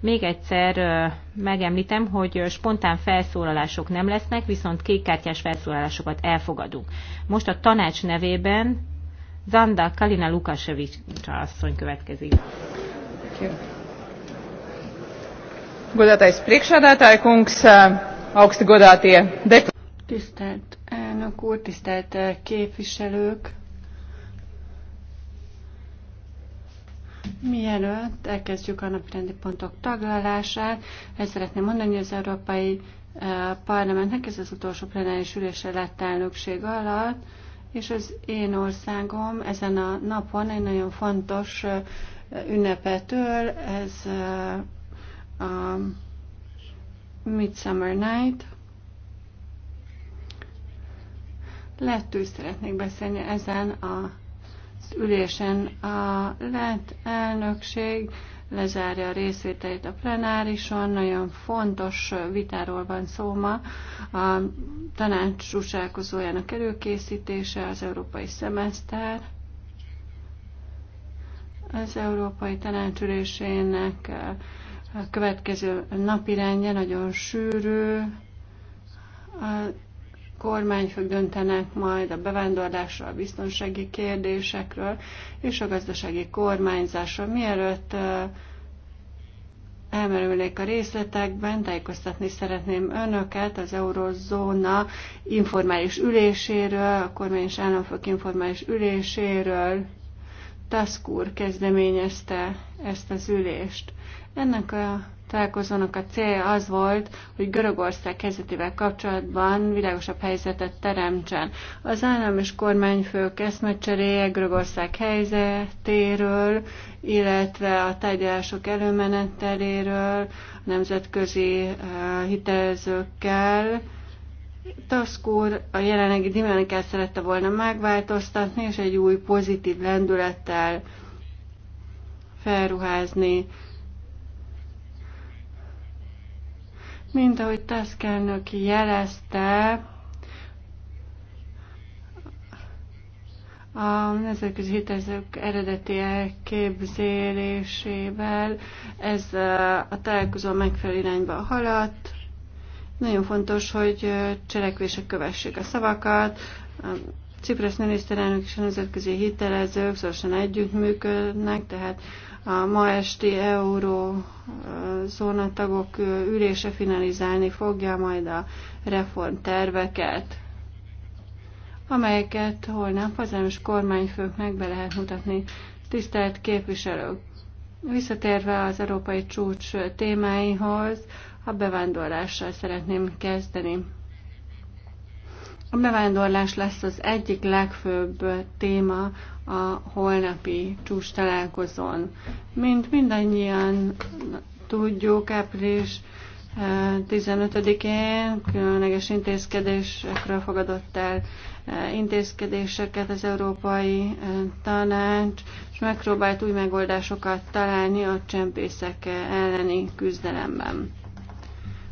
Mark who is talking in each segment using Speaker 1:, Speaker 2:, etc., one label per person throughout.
Speaker 1: Még egyszer megemlítem, hogy spontán felszólalások nem lesznek, viszont kékkártyás felszólalásokat elfogadunk. Most a tanács nevében Zanda Kalina Lukasevics asszony következik.
Speaker 2: Godatais priekšādātāja kungs, augsti godātie deputāti. Tisztelt elnök úr, tisztelt képviselők, Mielőtt elkezdjük a napirendi pontok taglalását, el szeretném mondani, hogy az Európai eh, Parlamentnek ez az utolsó plenáris ülése lett elnökség alatt, és az én országom ezen a napon egy nagyon fontos eh, ünnepetől, ez eh, a Midsummer Night, Lettő szeretnék beszélni ezen a ülésen a lett elnökség lezárja a részvételét a plenárison. Nagyon fontos vitáról van szó ma. A tanács csúcsálkozójának előkészítése, az európai szemeszter, az európai tanácsülésének eh, a következő napirendje nagyon sűrű, a kormányfők döntenek majd a bevándorlásról, a biztonsági kérdésekről és a gazdasági kormányzásról. Mielőtt elmerülnék a részletekben, tájékoztatni szeretném önöket az Eurozóna informális üléséről, a kormány és államfők informális üléséről. Taskur kezdeményezte ezt az ülést. Ennek a találkozónak a célja az volt, hogy Görögország helyzetével kapcsolatban világosabb helyzetet teremtsen. Az állam és kormányfők eszmecseréje Görögország helyzetéről, illetve a tárgyalások előmeneteléről, a nemzetközi eh, hitelezőkkel, Taszkúr a jelenlegi dinamikát szerette volna megváltoztatni, és egy új pozitív lendülettel felruházni Mint ahogy Tusk jelezte, a nemzetközi hitelzők eredeti elképzelésével ez a találkozó megfelelő irányba haladt. Nagyon fontos, hogy cselekvések kövessék a szavakat. A Ciprasz miniszterelnök és a nemzetközi hitelezők szorosan együttműködnek, tehát a ma esti euró zónatagok ülése finalizálni fogja majd a reformterveket, amelyeket holnap az kormányfők meg be lehet mutatni. Tisztelt képviselők! Visszatérve az európai csúcs témáihoz, a bevándorlással szeretném kezdeni. A bevándorlás lesz az egyik legfőbb téma a holnapi csúcs találkozón. Mint mindannyian tudjuk, április 15-én eh, különleges intézkedésekre fogadott el eh, intézkedéseket az Európai eh, Tanács, és megpróbált új megoldásokat találni a csempészek elleni küzdelemben.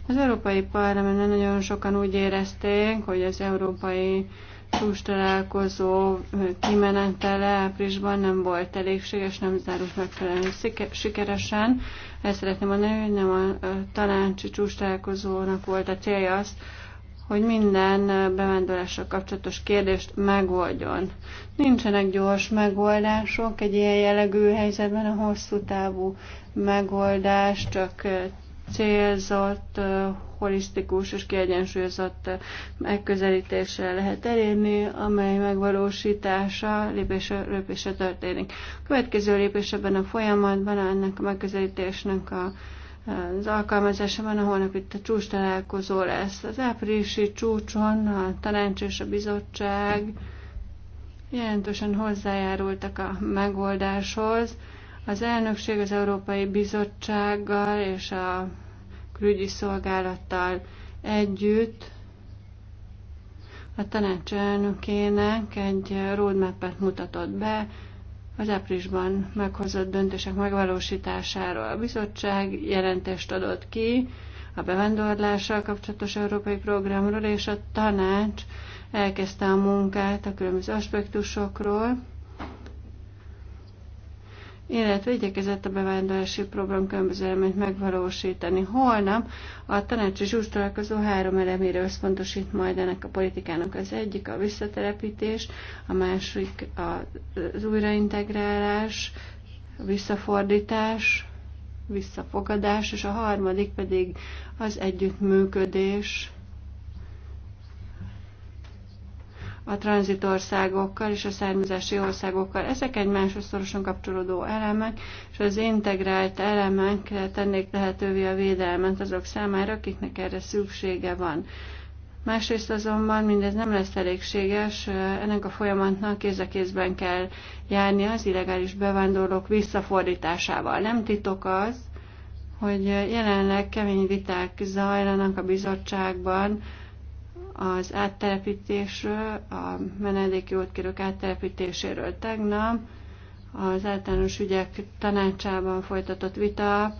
Speaker 2: Az Európai Parlamentben nagyon sokan úgy érezték, hogy az Európai Csúcs találkozó kimenetele áprilisban nem volt elégséges, nem zárult megfelelően sikeresen. Ezt szeretném mondani, hogy nem a tanácsi csúcs találkozónak volt a célja az, hogy minden bevándorlással kapcsolatos kérdést megoldjon. Nincsenek gyors megoldások egy ilyen jellegű helyzetben, a hosszú távú megoldás csak célzott, holisztikus és kiegyensúlyozott megközelítéssel lehet elérni, amely megvalósítása lépésre, lépésre történik. A következő lépés ebben a folyamatban, ennek a megközelítésnek a az alkalmazásában a holnap itt a csúcs találkozó lesz. Az áprilisi csúcson a tanács és a bizottság jelentősen hozzájárultak a megoldáshoz, az elnökség az Európai Bizottsággal és a külügyi szolgálattal együtt a tanács elnökének egy roadmap-et mutatott be az áprilisban meghozott döntések megvalósításáról. A bizottság jelentést adott ki a bevándorlással kapcsolatos európai programról, és a tanács elkezdte a munkát a különböző aspektusokról illetve igyekezett a bevándorlási program különböző elemét megvalósítani. Holnap a tanácsi zsúcs találkozó három elemére összpontosít majd ennek a politikának az egyik, a visszatelepítés, a másik az újraintegrálás, a visszafordítás, visszafogadás, és a harmadik pedig az együttműködés a tranzitországokkal és a származási országokkal. Ezek egymáshoz szorosan kapcsolódó elemek, és az integrált elemek tennék lehetővé a védelmet azok számára, akiknek erre szüksége van. Másrészt azonban mindez nem lesz elégséges, ennek a folyamatnak kéz a kézben kell járni az illegális bevándorlók visszafordításával. Nem titok az, hogy jelenleg kemény viták zajlanak a bizottságban, az áttelepítésről, a menedéki útkérők áttelepítéséről tegnap. Az általános ügyek tanácsában folytatott vita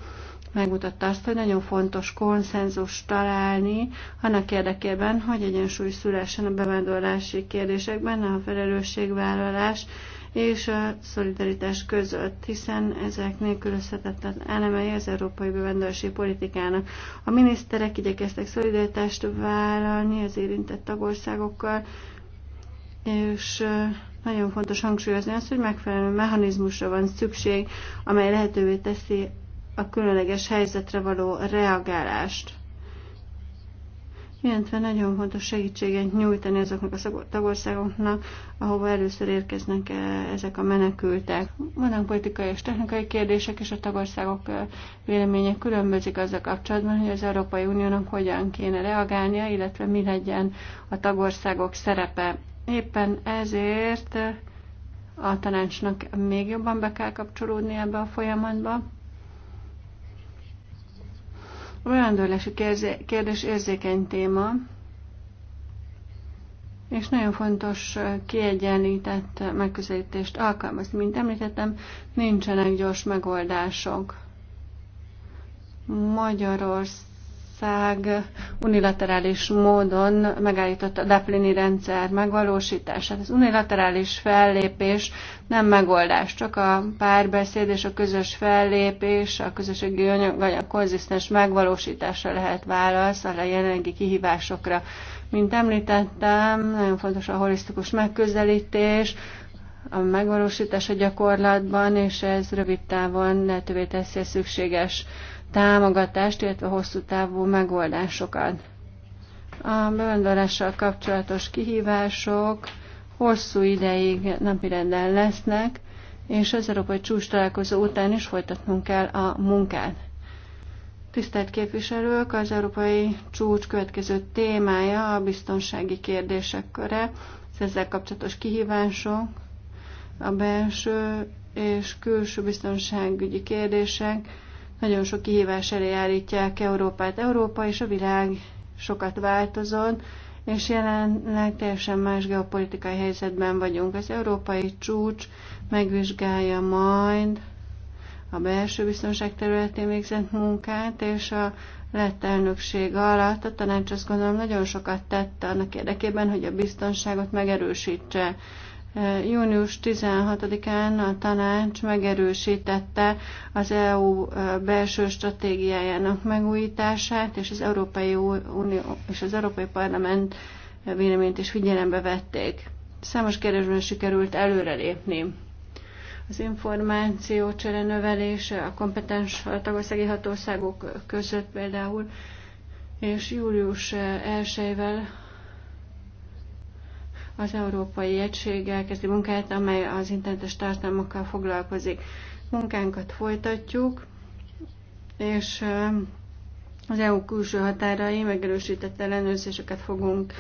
Speaker 2: megmutatta azt, hogy nagyon fontos konszenzus találni annak érdekében, hogy egyensúly szülessen a bevándorlási kérdésekben, a felelősségvállalás, és a szolidaritás között, hiszen ezek nélkülözhetetlen elemei az európai bevándorlási politikának. A miniszterek igyekeztek szolidaritást vállalni az érintett tagországokkal, és nagyon fontos hangsúlyozni azt, hogy megfelelő mechanizmusra van szükség, amely lehetővé teszi a különleges helyzetre való reagálást illetve nagyon fontos segítséget nyújtani azoknak a tagországoknak, ahova először érkeznek eh, ezek a menekültek. Vannak politikai és technikai kérdések, és a tagországok eh, véleménye különbözik azzal kapcsolatban, hogy az Európai Uniónak hogyan kéne reagálnia, illetve mi legyen a tagországok szerepe. Éppen ezért eh, a tanácsnak még jobban be kell kapcsolódni ebbe a folyamatba a bevándorlási kérdés érzékeny téma, és nagyon fontos kiegyenlített megközelítést alkalmazni. Mint említettem, nincsenek gyors megoldások. Magyarország Magyarország unilaterális módon megállította a Deplini rendszer megvalósítását. Az unilaterális fellépés nem megoldás, csak a párbeszéd és a közös fellépés, a közösségi anyag konzisztens megvalósítása lehet válasz a jelenlegi kihívásokra. Mint említettem, nagyon fontos a holisztikus megközelítés, a megvalósítás a gyakorlatban, és ez rövid távon lehetővé teszi a szükséges támogatást, illetve hosszú távú megoldásokat. A bevándorlással kapcsolatos kihívások hosszú ideig napirenden lesznek, és az Európai Csúcs találkozó után is folytatnunk kell a munkát. Tisztelt képviselők, az Európai Csúcs következő témája a biztonsági kérdések köre, az ezzel kapcsolatos kihívások, a belső és külső biztonságügyi kérdések, nagyon sok kihívás elé állítják Európát. Európa és a világ sokat változott, és jelenleg teljesen más geopolitikai helyzetben vagyunk. Az európai csúcs megvizsgálja majd a belső biztonság területén végzett munkát, és a lett elnökség alatt a tanács azt gondolom nagyon sokat tette annak érdekében, hogy a biztonságot megerősítse. Június 16-án a tanács megerősítette az EU belső stratégiájának megújítását, és az Európai Unió és az Európai Parlament véleményt is figyelembe vették. Számos kérdésben sikerült előrelépni. Az információ csere növelése a kompetens tagországi hatóságok között például, és július 1-ével az Európai Egység elkezdi munkáját, amely az internetes tartalmakkal foglalkozik. Munkánkat folytatjuk, és az EU külső határai megerősített ellenőrzéseket fogunk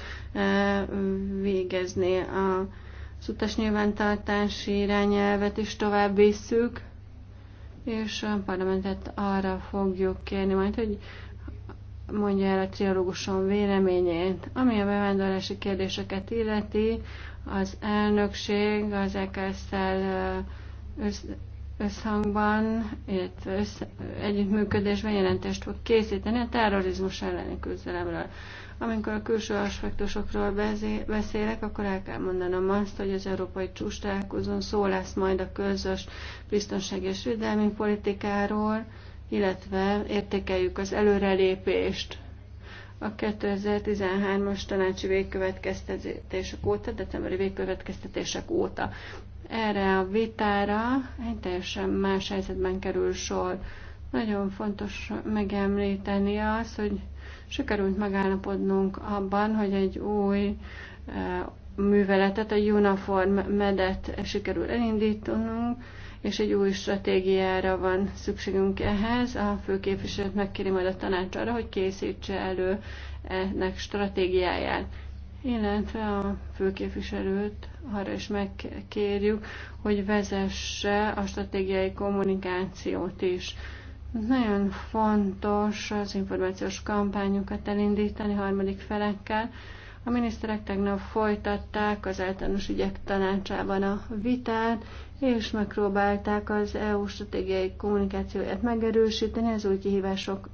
Speaker 2: végezni. Az utasnyilvántartási irányelvet is tovább visszük, és a parlamentet arra fogjuk kérni majd, hogy mondja el a trialóguson véleményét. Ami a bevándorlási kérdéseket illeti, az elnökség az EKSZ-tel össz, összhangban, illetve össz, együttműködésben jelentést fog készíteni a terrorizmus elleni küzdelemről. Amikor a külső aspektusokról beszélek, akkor el kell mondanom azt, hogy az európai csúcs szó lesz majd a közös biztonság és védelmi politikáról, illetve értékeljük az előrelépést a 2013-as tanácsi végkövetkeztetések óta, decemberi végkövetkeztetések óta. Erre a vitára egy teljesen más helyzetben kerül sor. Nagyon fontos megemlíteni az, hogy sikerült megállapodnunk abban, hogy egy új eh, műveletet, a Uniform Medet sikerül elindítanunk, és egy új stratégiára van szükségünk ehhez. A főképviselőt megkéri majd a tanács arra, hogy készítse elő ennek stratégiáját. Illetve a főképviselőt arra is megkérjük, hogy vezesse a stratégiai kommunikációt is. Nagyon fontos az információs kampányokat elindítani harmadik felekkel, a miniszterek tegnap folytatták az általános ügyek tanácsában a vitát, és megpróbálták az EU stratégiai kommunikációját megerősíteni. Az új kihívások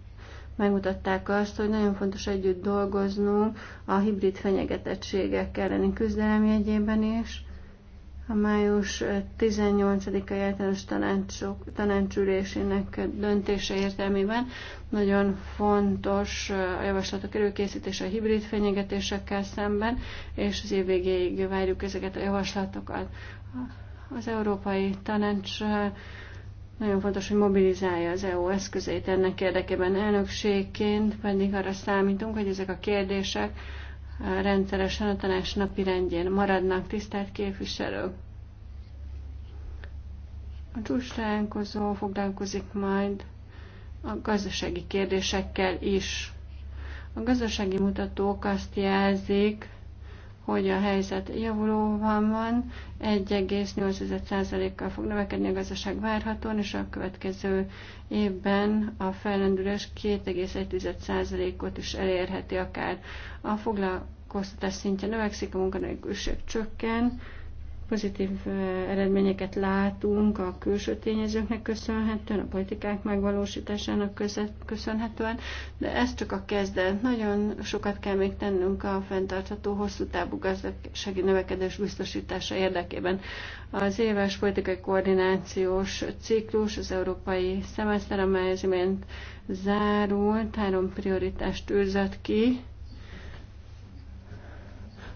Speaker 2: megmutatták azt, hogy nagyon fontos együtt dolgoznunk a hibrid fenyegetettségek elleni küzdelem jegyében is a május 18-a általános tanácsok, tanácsülésének döntése értelmében nagyon fontos a javaslatok előkészítése a hibrid fenyegetésekkel szemben, és az év végéig várjuk ezeket a javaslatokat. Az Európai Tanács nagyon fontos, hogy mobilizálja az EU eszközeit ennek érdekében elnökségként, pedig arra számítunk, hogy ezek a kérdések rendszeresen a tanács napi rendjén maradnak tisztelt képviselők. A csúcs foglalkozik majd a gazdasági kérdésekkel is. A gazdasági mutatók azt jelzik, hogy a helyzet javulóban van, 1,8%-kal fog növekedni a gazdaság várhatóan, és a következő évben a fellendülés 2,1%-ot is elérheti akár. A foglalkoztatás szintje növekszik, a munkanélküliség csökken, Pozitív eredményeket látunk a külső tényezőknek köszönhetően, a politikák megvalósításának köszönhetően, de ez csak a kezdet. Nagyon sokat kell még tennünk a fenntartható hosszú távú gazdasági növekedés biztosítása érdekében. Az éves politikai koordinációs ciklus, az európai szemeszter, amely az imént zárult, három prioritást tűzött ki,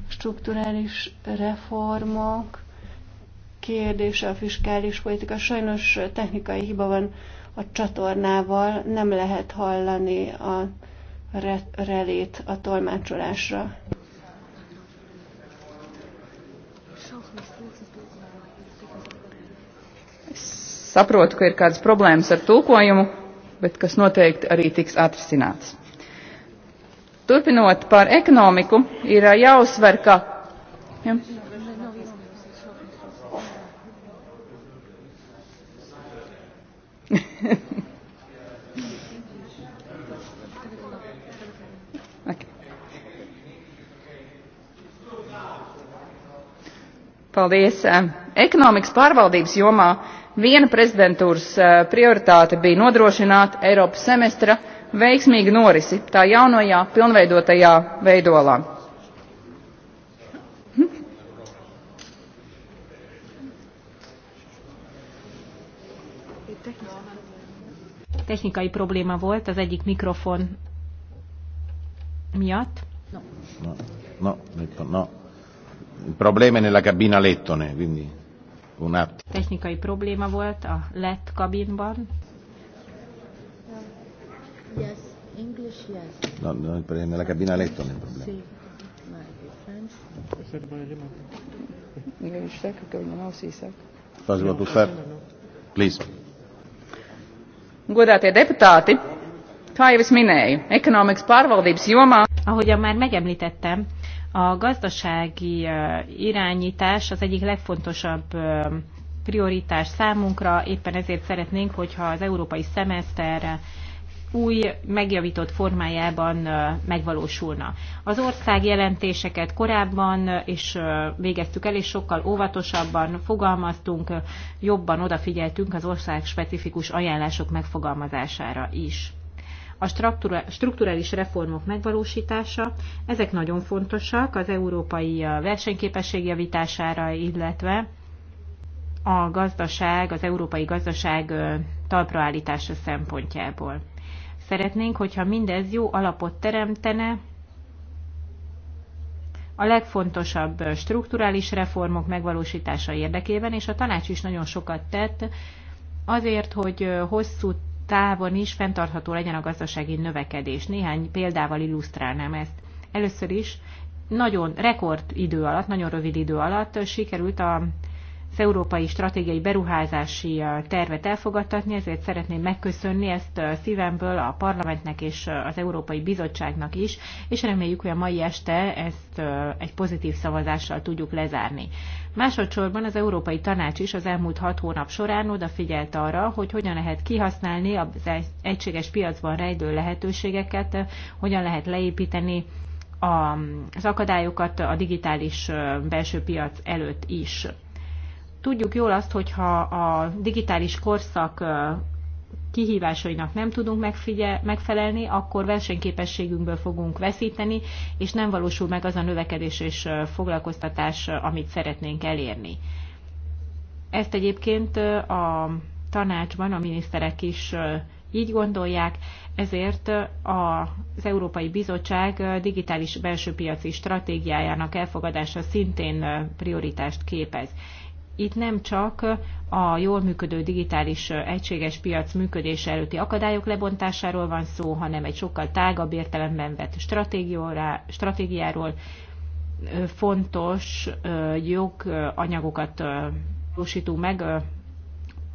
Speaker 2: strukturális reformok, kérdése a fiskális politika. Sajnos technikai hiba van a csatornával, nem lehet hallani a re- relét a tolmácsolásra.
Speaker 3: Saprotu, ka ir kādas problēmas ar tulkojumu, bet kas noteikti
Speaker 1: arī tiks atrisināts. Turpinot par ekonomiku, ir
Speaker 2: jāuzsver, ka. Ja? Paldies. Ekonomikas pārvaldības
Speaker 3: jomā viena prezidentūras eh, prioritāte bija nodrošināt Eiropas semestra
Speaker 1: veiksmīgu norisi tā jaunajā pilnveidotajā veidolā technikai probléma volt az egyik mikrofon miatt. No,
Speaker 4: no, no, no. Probléma nella cabina lettone, quindi un attimo.
Speaker 1: Technikai probléma volt a lett kabinban.
Speaker 3: Yes, English, yes.
Speaker 4: No, no, nella cabina lettone il problema. Sì.
Speaker 2: English, ecco, come no, sì, ecco.
Speaker 4: Faccio tutto, please
Speaker 1: godātie deputāti, kā jau es minēju, ekonomikas pārvaldības jomā. Ahogyan már megemlítettem, a gazdasági irányítás az egyik legfontosabb prioritás számunkra, éppen ezért szeretnénk, hogyha az európai szemeszterre új, megjavított formájában megvalósulna. Az ország jelentéseket korábban is végeztük el, és sokkal óvatosabban fogalmaztunk, jobban odafigyeltünk az ország specifikus ajánlások megfogalmazására is. A strukturális reformok megvalósítása, ezek nagyon fontosak az európai versenyképesség javítására, illetve a gazdaság, az európai gazdaság talpraállítása szempontjából. Szeretnénk, hogyha mindez jó alapot teremtene a legfontosabb strukturális reformok megvalósítása érdekében, és a tanács is nagyon sokat tett azért, hogy hosszú távon is fenntartható legyen a gazdasági növekedés. Néhány példával illusztrálnám ezt. Először is nagyon rekord idő alatt, nagyon rövid idő alatt sikerült a az Európai Stratégiai Beruházási Tervet elfogadtatni, ezért szeretném megköszönni ezt szívemből a parlamentnek és az Európai Bizottságnak is, és reméljük, hogy a mai este ezt egy pozitív szavazással tudjuk lezárni. Másodszorban az Európai Tanács is az elmúlt hat hónap során odafigyelt arra, hogy hogyan lehet kihasználni az egységes piacban rejlő lehetőségeket, hogyan lehet leépíteni az akadályokat a digitális belső piac előtt is. Tudjuk jól azt, hogyha a digitális korszak kihívásainak nem tudunk megfigye, megfelelni, akkor versenyképességünkből fogunk veszíteni, és nem valósul meg az a növekedés és foglalkoztatás, amit szeretnénk elérni. Ezt egyébként a tanácsban a miniszterek is így gondolják, ezért az Európai Bizottság digitális belső piaci stratégiájának elfogadása szintén prioritást képez itt nem csak a jól működő digitális egységes piac működése előtti akadályok lebontásáról van szó, hanem egy sokkal tágabb értelemben vett stratégiáról, fontos joganyagokat valósítunk meg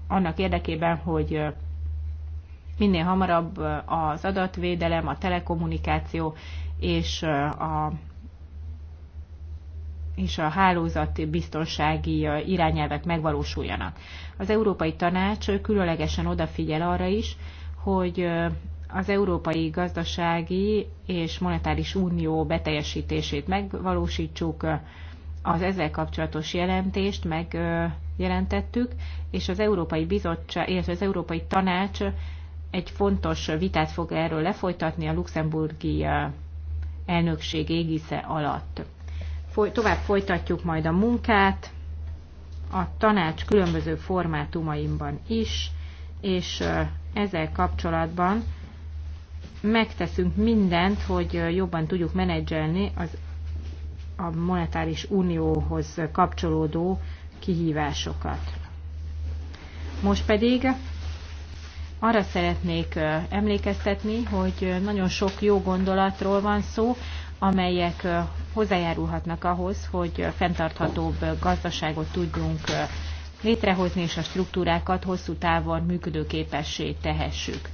Speaker 1: annak érdekében, hogy minél hamarabb az adatvédelem, a telekommunikáció és a és a hálózat biztonsági irányelvek megvalósuljanak. Az Európai Tanács különlegesen odafigyel arra is, hogy az Európai Gazdasági és Monetáris Unió beteljesítését megvalósítsuk, az ezzel kapcsolatos jelentést megjelentettük, és az Európai Bizottság, illetve az Európai Tanács egy fontos vitát fog erről lefolytatni a luxemburgi elnökség égisze alatt foly, tovább folytatjuk majd a munkát a tanács különböző formátumaimban is, és ezzel kapcsolatban megteszünk mindent, hogy jobban tudjuk menedzselni az a monetáris unióhoz kapcsolódó kihívásokat. Most pedig arra szeretnék emlékeztetni, hogy nagyon sok jó gondolatról van szó, amelyek hozzájárulhatnak ahhoz, hogy fenntarthatóbb gazdaságot tudjunk létrehozni, és a struktúrákat hosszú távon működőképessé tehessük.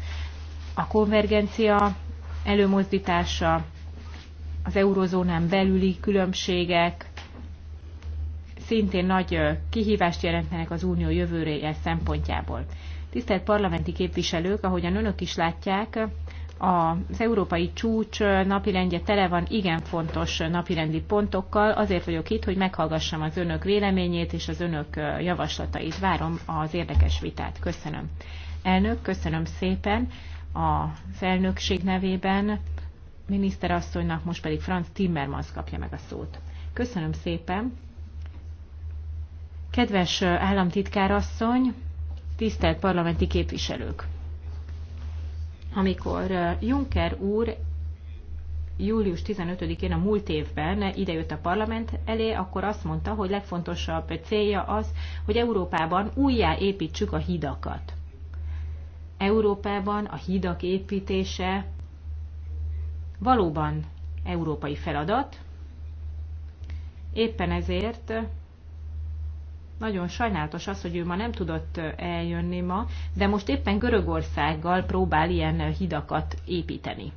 Speaker 1: A konvergencia előmozdítása, az eurozónán belüli különbségek szintén nagy kihívást jelentenek az unió jövőréje szempontjából. Tisztelt parlamenti képviselők, ahogyan önök is látják, az európai csúcs napirendje tele van igen fontos napirendi pontokkal. Azért vagyok itt, hogy meghallgassam az önök véleményét és az önök javaslatait. Várom az érdekes vitát. Köszönöm. Elnök, köszönöm szépen a felnökség nevében. Miniszterasszonynak most pedig Franz Timmermans kapja meg a szót. Köszönöm szépen. Kedves államtitkárasszony, tisztelt parlamenti képviselők! amikor Juncker úr július 15-én a múlt évben idejött a parlament elé, akkor azt mondta, hogy legfontosabb célja az, hogy Európában újjáépítsük a hidakat. Európában a hidak építése valóban európai feladat, éppen ezért nagyon sajnálatos az, hogy ő ma nem tudott eljönni ma, de most éppen Görögországgal próbál ilyen hidakat építeni.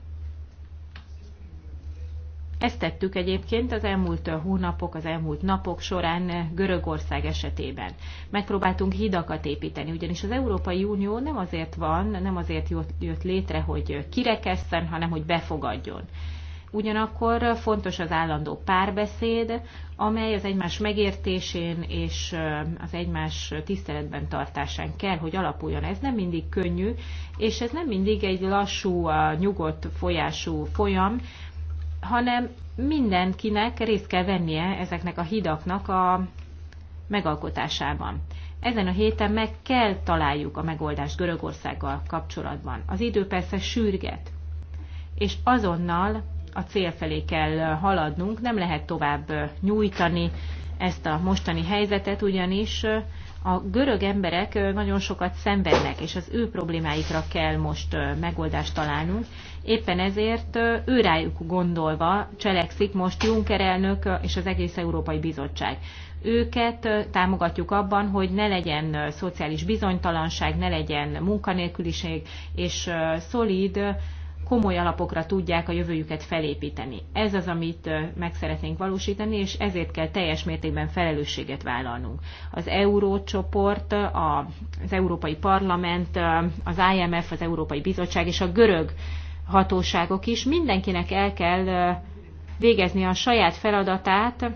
Speaker 1: Ezt tettük egyébként az elmúlt hónapok, az elmúlt napok során Görögország esetében. Megpróbáltunk hidakat építeni, ugyanis az Európai Unió nem azért van, nem azért jött létre, hogy kirekesszen, hanem hogy befogadjon. Ugyanakkor fontos az állandó párbeszéd, amely az egymás megértésén és az egymás tiszteletben tartásán kell, hogy alapuljon. Ez nem mindig könnyű, és ez nem mindig egy lassú, nyugodt folyású folyam, hanem mindenkinek részt kell vennie ezeknek a hidaknak a megalkotásában. Ezen a héten meg kell találjuk a megoldást Görögországgal kapcsolatban. Az idő persze sürget, és azonnal a cél felé kell haladnunk, nem lehet tovább nyújtani ezt a mostani helyzetet, ugyanis a görög emberek nagyon sokat szenvednek, és az ő problémáikra kell most megoldást találnunk. Éppen ezért ő rájuk gondolva cselekszik most Juncker elnök és az egész Európai Bizottság. Őket támogatjuk abban, hogy ne legyen szociális bizonytalanság, ne legyen munkanélküliség, és szolíd komoly alapokra tudják a jövőjüket felépíteni. Ez az, amit meg szeretnénk valósítani, és ezért kell teljes mértékben felelősséget vállalnunk. Az Eurócsoport, az Európai Parlament, az IMF, az Európai Bizottság és a görög hatóságok is mindenkinek el kell végezni a saját feladatát,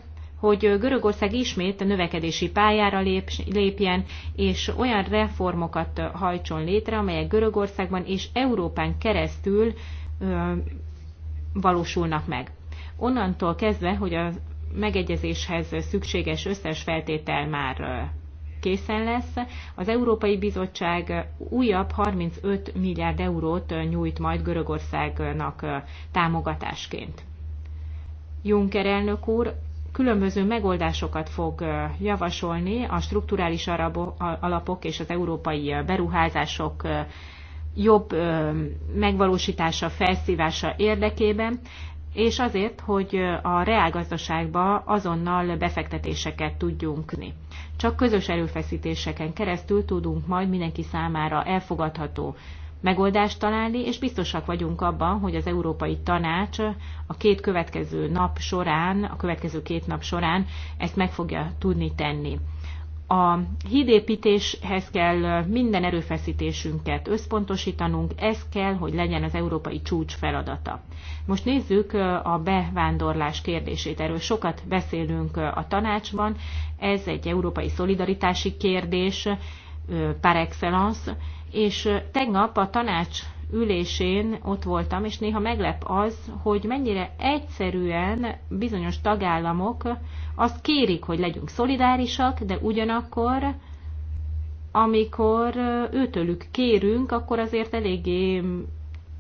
Speaker 1: hogy Görögország ismét növekedési pályára lép, lépjen, és olyan reformokat hajtson létre, amelyek Görögországban és Európán keresztül ö, valósulnak meg. Onnantól kezdve, hogy a megegyezéshez szükséges összes feltétel már készen lesz. Az Európai Bizottság újabb 35 milliárd eurót nyújt majd Görögországnak támogatásként. Juncker elnök úr különböző megoldásokat fog javasolni a strukturális alapok és az európai beruházások jobb megvalósítása, felszívása érdekében, és azért, hogy a reálgazdaságba azonnal befektetéseket tudjunk tenni. Csak közös erőfeszítéseken keresztül tudunk majd mindenki számára elfogadható megoldást találni, és biztosak vagyunk abban, hogy az Európai Tanács a két következő nap során, a következő két nap során ezt meg fogja tudni tenni. A hídépítéshez kell minden erőfeszítésünket összpontosítanunk, ez kell, hogy legyen az európai csúcs feladata. Most nézzük a bevándorlás kérdését. Erről sokat beszélünk a tanácsban. Ez egy európai szolidaritási kérdés par excellence, és tegnap a tanács ülésén ott voltam, és néha meglep az, hogy mennyire egyszerűen bizonyos tagállamok azt kérik, hogy legyünk szolidárisak, de ugyanakkor, amikor őtőlük kérünk, akkor azért eléggé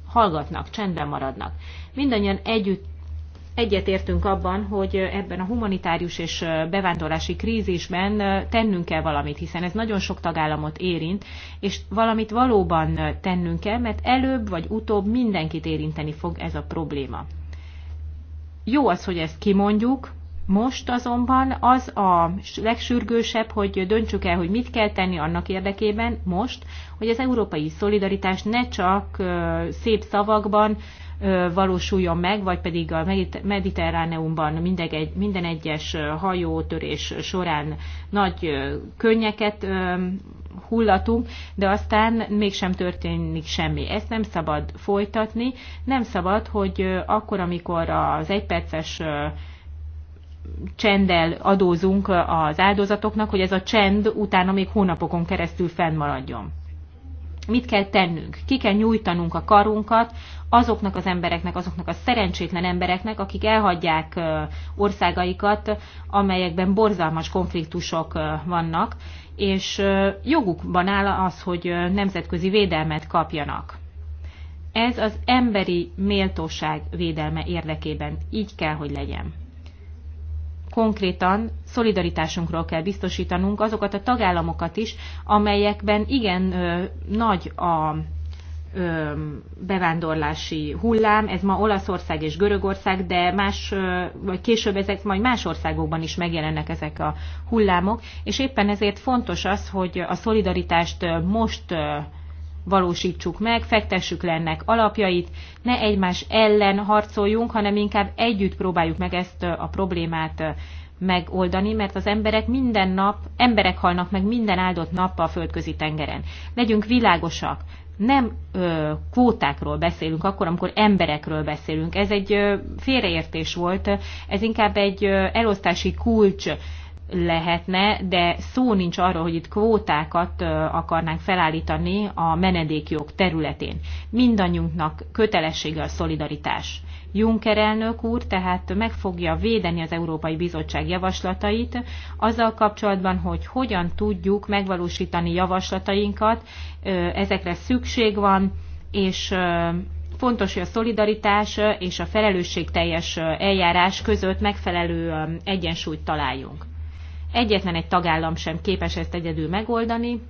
Speaker 1: hallgatnak, csendben maradnak. Mindannyian együtt egyetértünk abban, hogy ebben a humanitárius és bevándorlási krízisben tennünk kell valamit, hiszen ez nagyon sok tagállamot érint, és valamit valóban tennünk kell, mert előbb vagy utóbb mindenkit érinteni fog ez a probléma. Jó az, hogy ezt kimondjuk, most azonban az a legsürgősebb, hogy döntsük el, hogy mit kell tenni annak érdekében most, hogy az európai szolidaritás ne csak szép szavakban, valósuljon meg, vagy pedig a Mediterráneumban minden, egy, minden egyes hajótörés során nagy könnyeket hullatunk, de aztán mégsem történik semmi. Ezt nem szabad folytatni, nem szabad, hogy akkor, amikor az egyperces csenddel adózunk az áldozatoknak, hogy ez a csend utána még hónapokon keresztül fennmaradjon mit kell tennünk? Ki kell nyújtanunk a karunkat azoknak az embereknek, azoknak a szerencsétlen embereknek, akik elhagyják országaikat, amelyekben borzalmas konfliktusok vannak, és jogukban áll az, hogy nemzetközi védelmet kapjanak. Ez az emberi méltóság védelme érdekében így kell, hogy legyen konkrétan szolidaritásunkról kell biztosítanunk azokat a tagállamokat is, amelyekben igen ö, nagy a ö, bevándorlási hullám, ez ma Olaszország és Görögország, de más, ö, vagy később ezek majd más országokban is megjelennek ezek a hullámok, és éppen ezért fontos az, hogy a szolidaritást most ö, valósítsuk meg, fektessük le ennek alapjait, ne egymás ellen harcoljunk, hanem inkább együtt próbáljuk meg ezt a problémát megoldani, mert az emberek minden nap, emberek halnak meg minden áldott nap a földközi tengeren. Legyünk világosak, nem ö, kvótákról beszélünk akkor, amikor emberekről beszélünk. Ez egy ö, félreértés volt, ez inkább egy ö, elosztási kulcs lehetne, de szó nincs arról, hogy itt kvótákat akarnánk felállítani a menedékjog területén. Mindannyiunknak kötelessége a szolidaritás. Juncker elnök úr tehát meg fogja védeni az Európai Bizottság javaslatait azzal kapcsolatban, hogy hogyan tudjuk megvalósítani javaslatainkat, ezekre szükség van, és fontos, hogy a szolidaritás és a felelősségteljes eljárás között megfelelő egyensúlyt találjunk. Egyetlen egy tagállam sem képes ezt egyedül megoldani.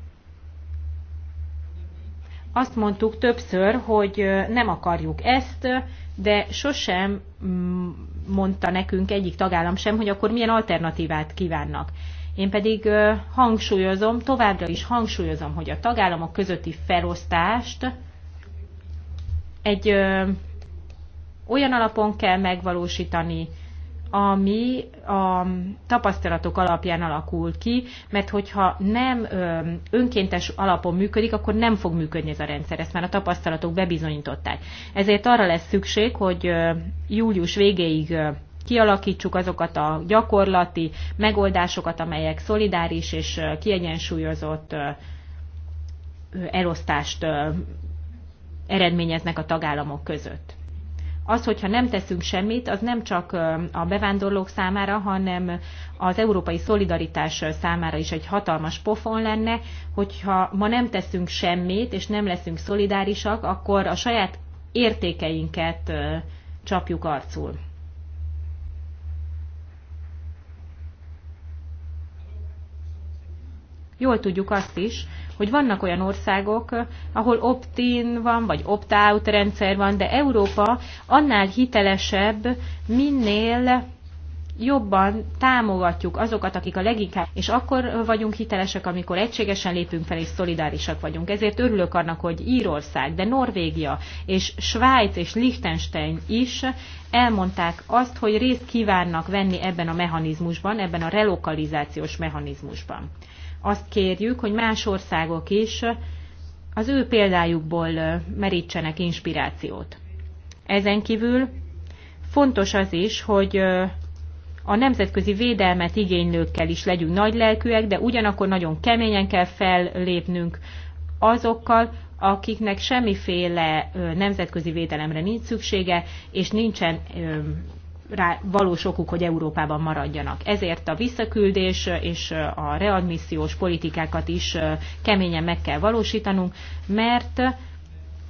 Speaker 1: Azt mondtuk többször, hogy nem akarjuk ezt, de sosem mm, mondta nekünk egyik tagállam sem, hogy akkor milyen alternatívát kívánnak. Én pedig hangsúlyozom, továbbra is hangsúlyozom, hogy a tagállamok közötti felosztást egy olyan alapon kell megvalósítani, ami a tapasztalatok alapján alakul ki, mert hogyha nem önkéntes alapon működik, akkor nem fog működni ez a rendszer, ezt már a tapasztalatok bebizonyították. Ezért arra lesz szükség, hogy július végéig kialakítsuk azokat a gyakorlati megoldásokat, amelyek szolidáris és kiegyensúlyozott elosztást eredményeznek a tagállamok között az, hogyha nem teszünk semmit, az nem csak a bevándorlók számára, hanem az európai szolidaritás számára is egy hatalmas pofon lenne, hogyha ma nem teszünk semmit, és nem leszünk szolidárisak, akkor a saját értékeinket csapjuk arcul. Jól tudjuk azt is, hogy vannak olyan országok, ahol opt-in van, vagy opt-out rendszer van, de Európa annál hitelesebb, minél jobban támogatjuk azokat, akik a leginkább, és akkor vagyunk hitelesek, amikor egységesen lépünk fel és szolidárisak vagyunk. Ezért örülök annak, hogy Írország, de Norvégia és Svájc és Liechtenstein is elmondták azt, hogy részt kívánnak venni ebben a mechanizmusban, ebben a relokalizációs mechanizmusban azt kérjük, hogy más országok is az ő példájukból merítsenek inspirációt. Ezen kívül fontos az is, hogy a nemzetközi védelmet igénylőkkel is legyünk nagylelkűek, de ugyanakkor nagyon keményen kell fellépnünk azokkal, akiknek semmiféle nemzetközi védelemre nincs szüksége, és nincsen rá valós okuk, hogy Európában maradjanak. Ezért a visszaküldés és a readmissziós politikákat is keményen meg kell valósítanunk, mert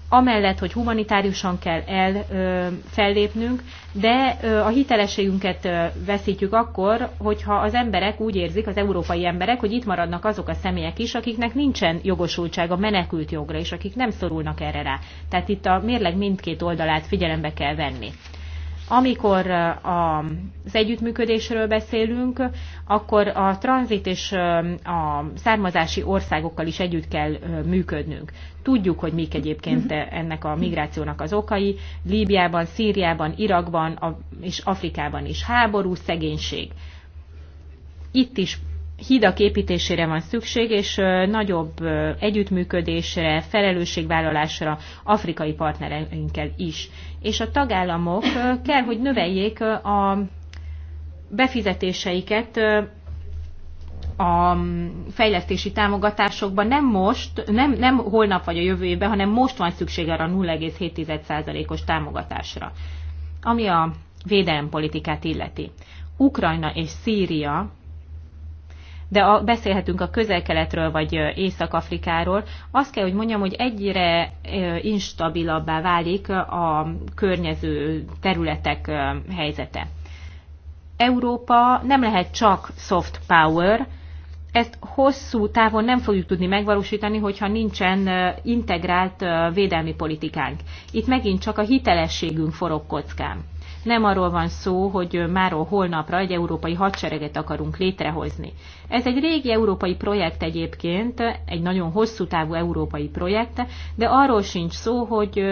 Speaker 1: amellett, hogy humanitáriusan kell el ö, fellépnünk, de ö, a hitelességünket ö, veszítjük akkor, hogyha az emberek úgy érzik, az európai emberek, hogy itt maradnak azok a személyek is, akiknek nincsen jogosultsága menekült jogra, és akik nem szorulnak erre rá. Tehát itt a mérleg mindkét oldalát figyelembe kell venni. Amikor az együttműködésről beszélünk, akkor a tranzit és a származási országokkal is együtt kell működnünk. Tudjuk, hogy mik egyébként mhm. ennek a migrációnak az okai. Líbiában, Szíriában, Irakban és Afrikában is háború, szegénység. Itt is hídak építésére van szükség, és nagyobb együttműködésre, felelősségvállalásra afrikai partnereinkkel is. És a tagállamok kell, hogy növeljék a befizetéseiket a fejlesztési támogatásokban nem most, nem, nem holnap vagy a jövő évben, hanem most van szükség arra 0,7%-os támogatásra, ami a védelempolitikát illeti. Ukrajna és Szíria de a, beszélhetünk a közel-keletről vagy Észak-Afrikáról. Azt kell, hogy mondjam, hogy egyre instabilabbá válik a környező területek helyzete. Európa nem lehet csak soft power, ezt hosszú távon nem fogjuk tudni megvalósítani, hogyha nincsen integrált védelmi politikánk. Itt megint csak a hitelességünk forog kockán. Nem arról van szó, hogy máról holnapra egy európai hadsereget akarunk létrehozni. Ez egy régi európai projekt egyébként, egy nagyon hosszú távú európai projekt, de arról sincs szó, hogy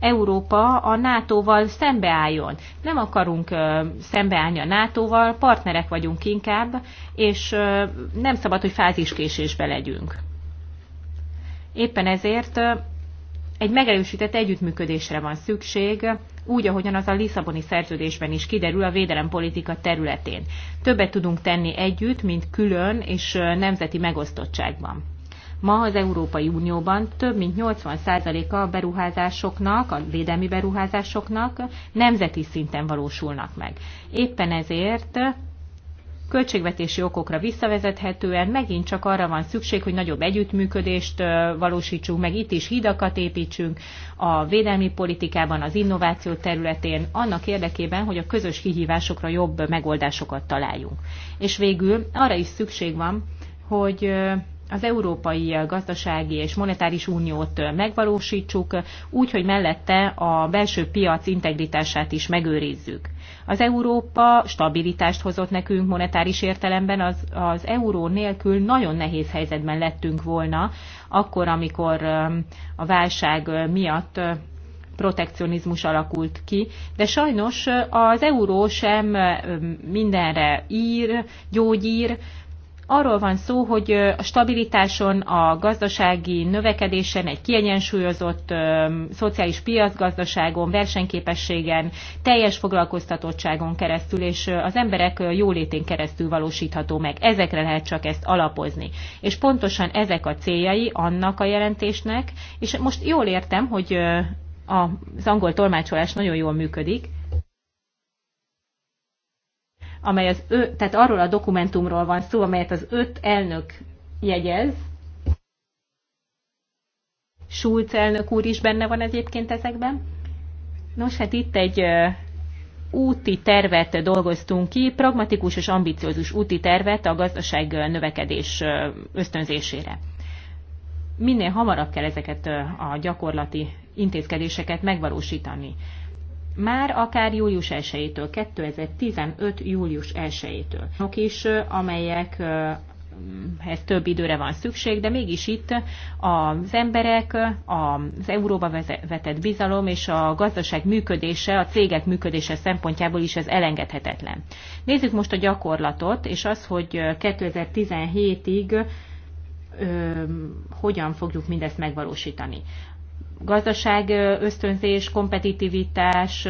Speaker 1: Európa a NATO-val szembeálljon. Nem akarunk szembeállni a NATO-val, partnerek vagyunk inkább, és nem szabad, hogy fáziskésésbe legyünk. Éppen ezért egy megerősített együttműködésre van szükség, úgy, ahogyan az a Lisszaboni szerződésben is kiderül a védelempolitika területén. Többet tudunk tenni együtt, mint külön és nemzeti megosztottságban. Ma az Európai Unióban több mint 80%-a a beruházásoknak, a védelmi beruházásoknak nemzeti szinten valósulnak meg. Éppen ezért költségvetési okokra visszavezethetően megint csak arra van szükség, hogy nagyobb együttműködést valósítsunk, meg itt is hidakat építsünk a védelmi politikában, az innováció területén, annak érdekében, hogy a közös kihívásokra jobb megoldásokat találjunk. És végül arra is szükség van, hogy az Európai Gazdasági és Monetáris Uniót megvalósítsuk, úgy, hogy mellette a belső piac integritását is megőrizzük. Az Európa stabilitást hozott nekünk monetáris értelemben, az, az euró nélkül nagyon nehéz helyzetben lettünk volna, akkor, amikor um, a válság miatt uh, protekcionizmus alakult ki, de sajnos uh, az euró sem um, mindenre ír, gyógyír, arról van szó, hogy a stabilitáson, a gazdasági növekedésen, egy kiegyensúlyozott szociális piacgazdaságon, versenyképességen, teljes foglalkoztatottságon keresztül és az emberek jólétén keresztül valósítható meg. Ezekre lehet csak ezt alapozni. És pontosan ezek a céljai annak a jelentésnek, és most jól értem, hogy az angol tolmácsolás nagyon jól működik, amely az ő, tehát arról a dokumentumról van szó, amelyet az öt elnök jegyez. Schulz elnök úr is benne van egyébként ezekben. Nos, hát itt egy úti tervet dolgoztunk ki, pragmatikus és ambiciózus úti tervet a gazdaság növekedés ösztönzésére. Minél hamarabb kell ezeket a gyakorlati intézkedéseket megvalósítani már akár július 1-től, 2015. július 1-től. is, amelyek mm, ez több időre van szükség, de mégis itt az emberek, az euróba vetett bizalom és a gazdaság működése, a cégek működése szempontjából is ez elengedhetetlen. Nézzük most a gyakorlatot, és az, hogy 2017-ig hogyan fogjuk mindezt megvalósítani gazdaság ösztönzés, kompetitivitás,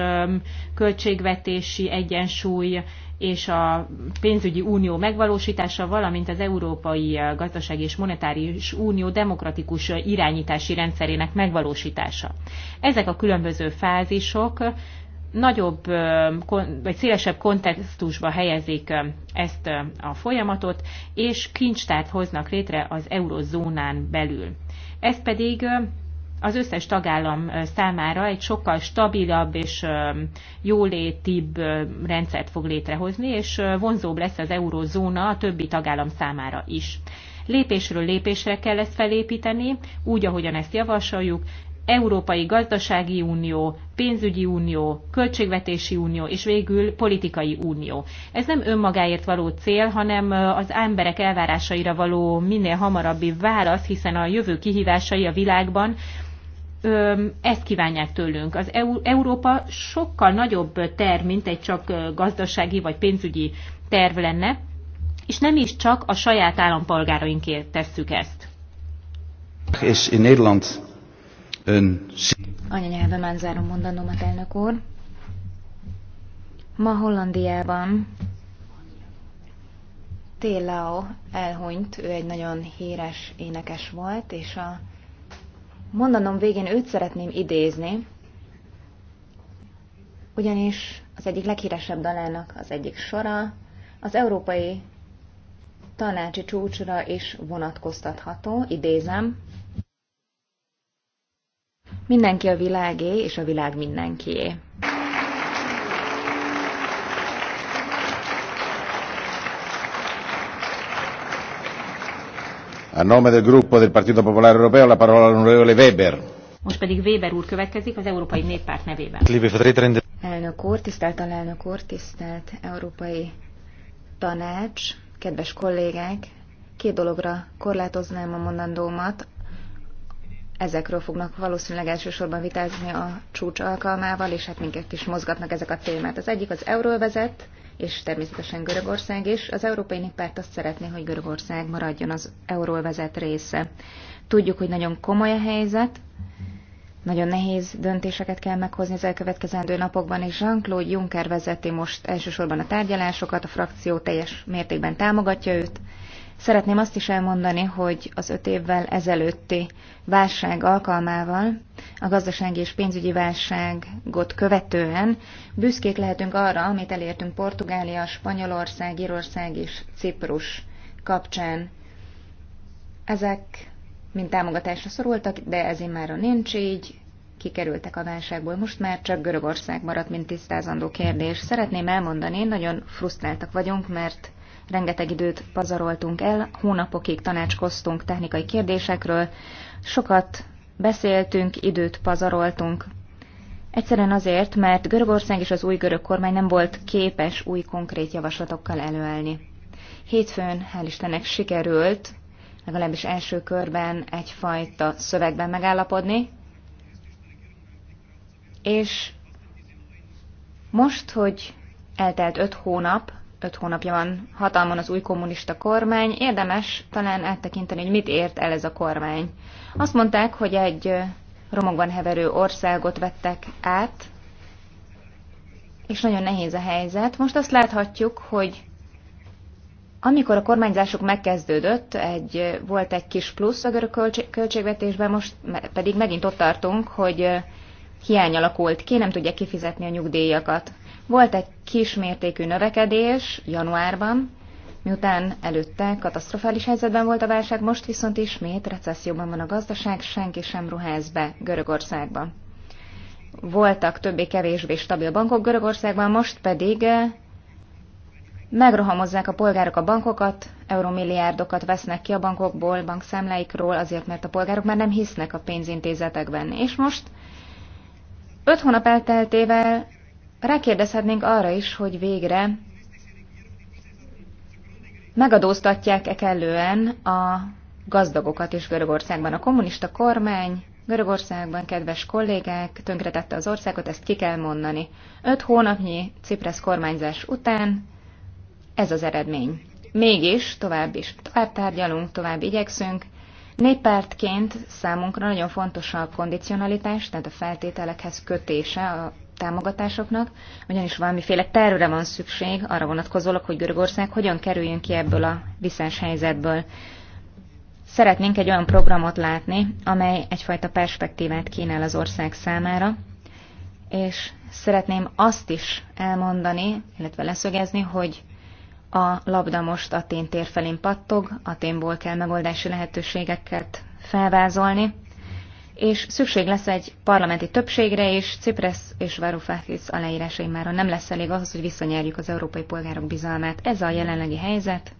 Speaker 1: költségvetési egyensúly és a pénzügyi unió megvalósítása, valamint az Európai Gazdasági és Monetáris Unió demokratikus irányítási rendszerének megvalósítása. Ezek a különböző fázisok nagyobb vagy szélesebb kontextusba helyezik ezt a folyamatot, és kincstárt hoznak létre az eurozónán belül. Ez pedig az összes tagállam számára egy sokkal stabilabb és jólétibb rendszert fog létrehozni, és vonzóbb lesz az eurozóna a többi tagállam számára is. Lépésről lépésre kell ezt felépíteni, úgy, ahogyan ezt javasoljuk, Európai Gazdasági Unió, Pénzügyi Unió, Költségvetési Unió és végül Politikai Unió. Ez nem önmagáért való cél, hanem az emberek elvárásaira való minél hamarabbi válasz, hiszen a jövő kihívásai a világban ezt kívánják tőlünk. Az EU, Európa sokkal nagyobb terv, mint egy csak gazdasági vagy pénzügyi terv lenne, és nem is csak a saját állampolgárainkért tesszük ezt.
Speaker 4: És in Nederland ön...
Speaker 3: már zárom mondanomat, elnök úr. Ma Hollandiában Télao elhunyt, ő egy nagyon híres énekes volt, és a mondanom végén őt szeretném idézni, ugyanis az egyik leghíresebb dalának az egyik sora az európai tanácsi csúcsra is vonatkoztatható, idézem, mindenki a világé, és a világ mindenkié.
Speaker 4: A nome del gruppo del Partito Popolare Europeo la parola all'onorevole Weber.
Speaker 3: Most pedig Weber úr következik az Európai Néppárt nevében. Elnök úr, tisztelt alelnök úr, tisztelt Európai Tanács, kedves kollégák, két dologra korlátoznám a mondandómat. Ezekről fognak valószínűleg elsősorban vitázni a csúcs alkalmával, és hát minket is mozgatnak ezek a témát. Az egyik az euróvezet, és természetesen Görögország is. Az Európai Néppárt azt szeretné, hogy Görögország maradjon az euró vezet része. Tudjuk, hogy nagyon komoly a helyzet, nagyon nehéz döntéseket kell meghozni az elkövetkezendő napokban, és Jean-Claude Juncker vezeti most elsősorban a tárgyalásokat, a frakció teljes mértékben támogatja őt, Szeretném azt is elmondani, hogy az öt évvel ezelőtti válság alkalmával, a gazdasági és pénzügyi válságot követően büszkék lehetünk arra, amit elértünk Portugália, Spanyolország, Írország és Ciprus kapcsán. Ezek mind támogatásra szorultak, de ez immáron nincs így, kikerültek a válságból. Most már csak Görögország maradt, mint tisztázandó kérdés. Szeretném elmondani, nagyon frusztráltak vagyunk, mert rengeteg időt pazaroltunk el, hónapokig tanácskoztunk technikai kérdésekről, sokat beszéltünk, időt pazaroltunk. Egyszerűen azért, mert Görögország és az új görög kormány nem volt képes új konkrét javaslatokkal előállni. Hétfőn, hál' Istennek sikerült, legalábbis első körben egyfajta szövegben megállapodni, és most, hogy eltelt öt hónap, öt hónapja van hatalmon az új kommunista kormány, érdemes talán áttekinteni, hogy mit ért el ez a kormány. Azt mondták, hogy egy romokban heverő országot vettek át, és nagyon nehéz a helyzet. Most azt láthatjuk, hogy amikor a kormányzások megkezdődött, egy, volt egy kis plusz a görög költségvetésben, most pedig megint ott tartunk, hogy hiány alakult ki, nem tudja kifizetni a nyugdíjakat. Volt egy kismértékű növekedés januárban, miután előtte katasztrofális helyzetben volt a válság, most viszont ismét recesszióban van a gazdaság, senki sem ruház be Görögországba. Voltak többé-kevésbé stabil bankok Görögországban, most pedig eh, megrohamozzák a polgárok a bankokat, euromilliárdokat vesznek ki a bankokból, bankszámláikról, azért, mert a polgárok már nem hisznek a pénzintézetekben. És most öt hónap elteltével rákérdezhetnénk arra is, hogy végre megadóztatják-e kellően a gazdagokat is Görögországban. A kommunista kormány Görögországban, kedves kollégák, tönkretette az országot, ezt ki kell mondani. Öt hónapnyi Ciprasz kormányzás után ez az eredmény. Mégis tovább is, tovább tárgyalunk, tovább igyekszünk. Néppártként számunkra nagyon fontos a kondicionalitás, tehát a feltételekhez kötése a támogatásoknak, ugyanis valamiféle tervre van szükség arra vonatkozólag, hogy Görögország hogyan kerüljön ki ebből a viszens helyzetből. Szeretnénk egy olyan programot látni, amely egyfajta perspektívát kínál az ország számára, és szeretném azt is elmondani, illetve leszögezni, hogy a labda most Atén tér felén pattog, Aténból kell megoldási lehetőségeket felvázolni, és szükség lesz egy parlamenti többségre, és Cipres és Varoufakis aláírásai már nem lesz elég ahhoz, hogy visszanyerjük az európai polgárok bizalmát. Ez a jelenlegi helyzet.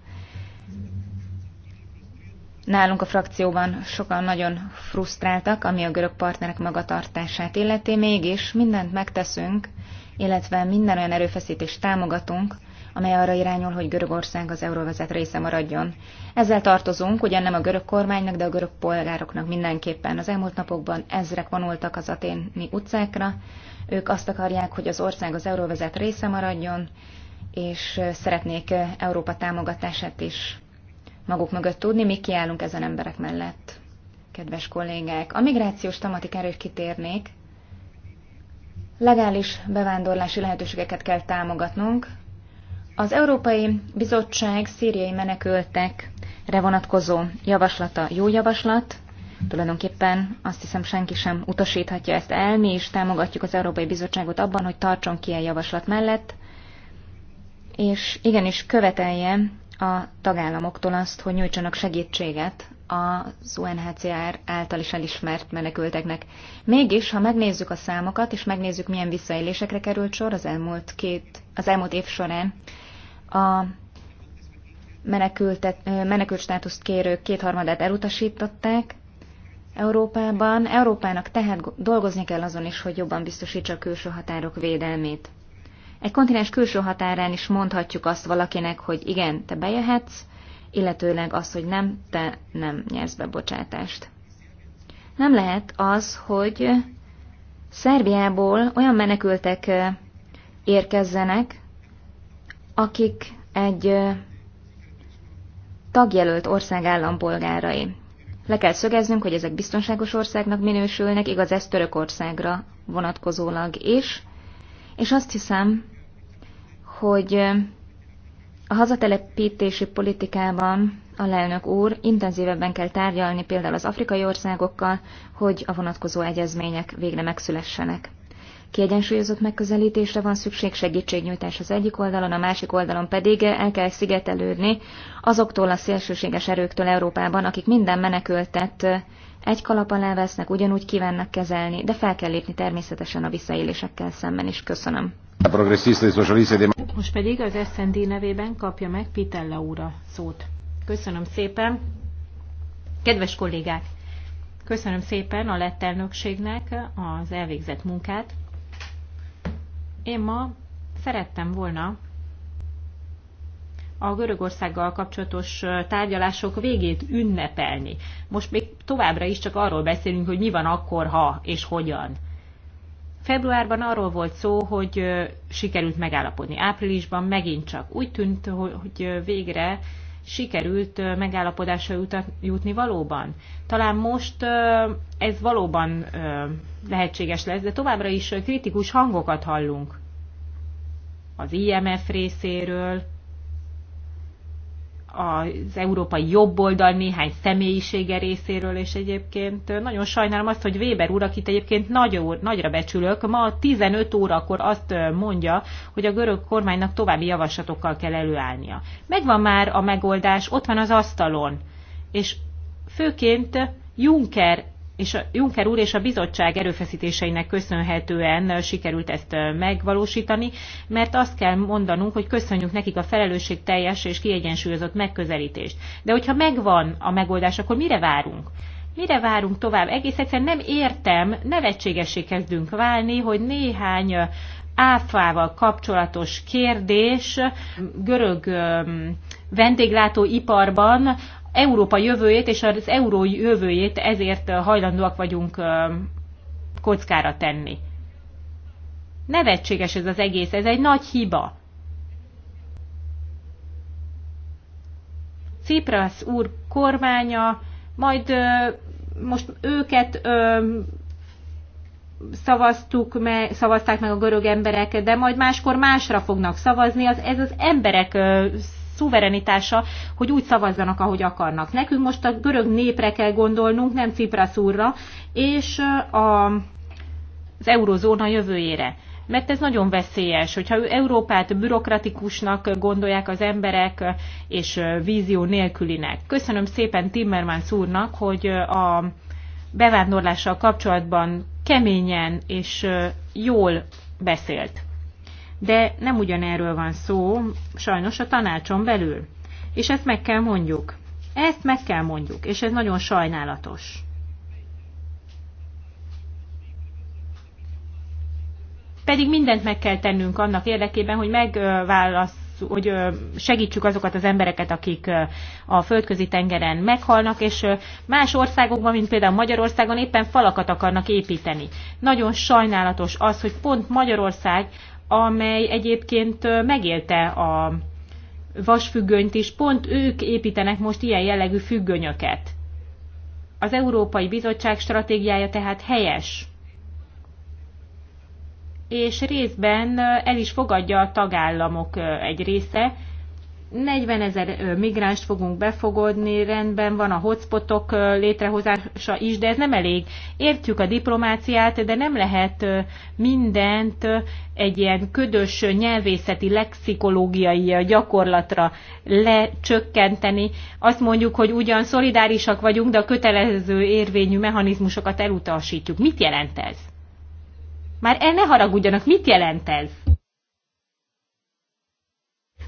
Speaker 3: Nálunk a frakcióban sokan nagyon frusztráltak, ami a görög partnerek magatartását illeti, mégis mindent megteszünk, illetve minden olyan erőfeszítést támogatunk, amely arra irányul, hogy Görögország az euróvezet része maradjon. Ezzel tartozunk, ugyan nem a görög kormánynak, de a görög polgároknak mindenképpen. Az elmúlt napokban ezrek vonultak az aténi utcákra, ők azt akarják, hogy az ország az euróvezet része maradjon, és szeretnék Európa támogatását is maguk mögött tudni, mi kiállunk ezen emberek mellett, kedves kollégák. A migrációs tematikára is kitérnék. Legális bevándorlási lehetőségeket kell támogatnunk, az Európai Bizottság szíriai menekültekre vonatkozó javaslata jó javaslat, tulajdonképpen azt hiszem senki sem utasíthatja ezt el, mi is támogatjuk az Európai Bizottságot abban, hogy tartson ki a javaslat mellett, és igenis követelje a tagállamoktól azt, hogy nyújtsanak segítséget az UNHCR által is elismert menekülteknek. Mégis, ha megnézzük a számokat, és megnézzük, milyen visszaélésekre került sor az elmúlt, két, az elmúlt év során a menekültet, menekült státuszt kérők kétharmadát elutasították Európában. Európának tehát dolgozni kell azon is, hogy jobban biztosítsa a külső határok védelmét. Egy kontinens külső határán is mondhatjuk azt valakinek, hogy igen, te bejöhetsz, illetőleg az, hogy nem, te nem nyersz be bocsátást. Nem lehet az, hogy Szerbiából olyan menekültek érkezzenek, akik egy tagjelölt ország állampolgárai. Le kell szögeznünk, hogy ezek biztonságos országnak minősülnek, igaz ez Törökországra vonatkozólag is, és azt hiszem, hogy a hazatelepítési politikában a lelnök úr intenzívebben kell tárgyalni például az afrikai országokkal, hogy a vonatkozó egyezmények végre megszülessenek. Kiegyensúlyozott megközelítésre van szükség, segítségnyújtás az egyik oldalon, a másik oldalon pedig el kell szigetelődni azoktól a szélsőséges erőktől Európában, akik minden menekültet egy kalap alá vesznek, ugyanúgy kívánnak kezelni, de fel kell lépni természetesen a visszaélésekkel szemben is. Köszönöm. Most pedig az SND
Speaker 1: nevében kapja meg Pitella úra szót. Köszönöm szépen. Kedves kollégák, köszönöm szépen a lett elnökségnek az elvégzett munkát. Én ma szerettem volna a Görögországgal kapcsolatos tárgyalások végét ünnepelni. Most még továbbra is csak arról beszélünk, hogy mi van akkor, ha és hogyan. Februárban arról volt szó, hogy sikerült megállapodni. Áprilisban megint csak úgy tűnt, hogy végre sikerült megállapodásra jutni valóban. Talán most ez valóban lehetséges lesz, de továbbra is kritikus hangokat hallunk. Az IMF részéről, az európai jobboldal néhány személyisége részéről, és egyébként nagyon sajnálom azt, hogy Weber úr, akit egyébként nagy, nagyra becsülök, ma 15 órakor azt mondja, hogy a görög kormánynak további javaslatokkal kell előállnia. Megvan már a megoldás, ott van az asztalon, és főként Juncker és a Juncker úr és a bizottság erőfeszítéseinek köszönhetően sikerült ezt megvalósítani, mert azt kell mondanunk, hogy köszönjük nekik a teljes és kiegyensúlyozott megközelítést. De hogyha megvan a megoldás, akkor mire várunk? Mire várunk tovább? Egész egyszerűen nem értem, nevetségessé kezdünk válni, hogy néhány áfával kapcsolatos kérdés görög vendéglátóiparban Európa jövőjét és az euró jövőjét ezért hajlandóak vagyunk kockára tenni. Nevetséges ez az egész, ez egy nagy hiba. Ciprasz úr kormánya, majd ö, most őket ö, szavaztuk me, szavazták meg a görög emberek, de majd máskor másra fognak szavazni. Az, ez az emberek ö, szuverenitása, hogy úgy szavazzanak, ahogy akarnak. Nekünk most a görög népre kell gondolnunk, nem Ciprasz úrra, és a, az eurozóna jövőjére. Mert ez nagyon veszélyes, hogyha Európát bürokratikusnak gondolják az emberek, és vízió nélkülinek. Köszönöm szépen Timmermans úrnak, hogy a bevándorlással kapcsolatban keményen és jól beszélt de nem ugyanerről van szó, sajnos a tanácson belül. És ezt meg kell mondjuk. Ezt meg kell mondjuk, és ez nagyon sajnálatos. Pedig mindent meg kell tennünk annak érdekében, hogy megválasz, hogy segítsük azokat az embereket, akik a földközi tengeren meghalnak, és más országokban, mint például Magyarországon éppen falakat akarnak építeni. Nagyon sajnálatos az, hogy pont Magyarország amely egyébként megélte a vasfüggönyt is, pont ők építenek most ilyen jellegű függönyöket. Az Európai Bizottság stratégiája tehát helyes, és részben el is fogadja a tagállamok egy része, 40 ezer migránst fogunk befogadni, rendben van a hotspotok létrehozása is, de ez nem elég. Értjük a diplomáciát, de nem lehet mindent egy ilyen ködös nyelvészeti, lexikológiai gyakorlatra lecsökkenteni. Azt mondjuk, hogy ugyan szolidárisak vagyunk, de a kötelező érvényű mechanizmusokat elutasítjuk. Mit jelent ez? Már el ne haragudjanak, mit jelent ez?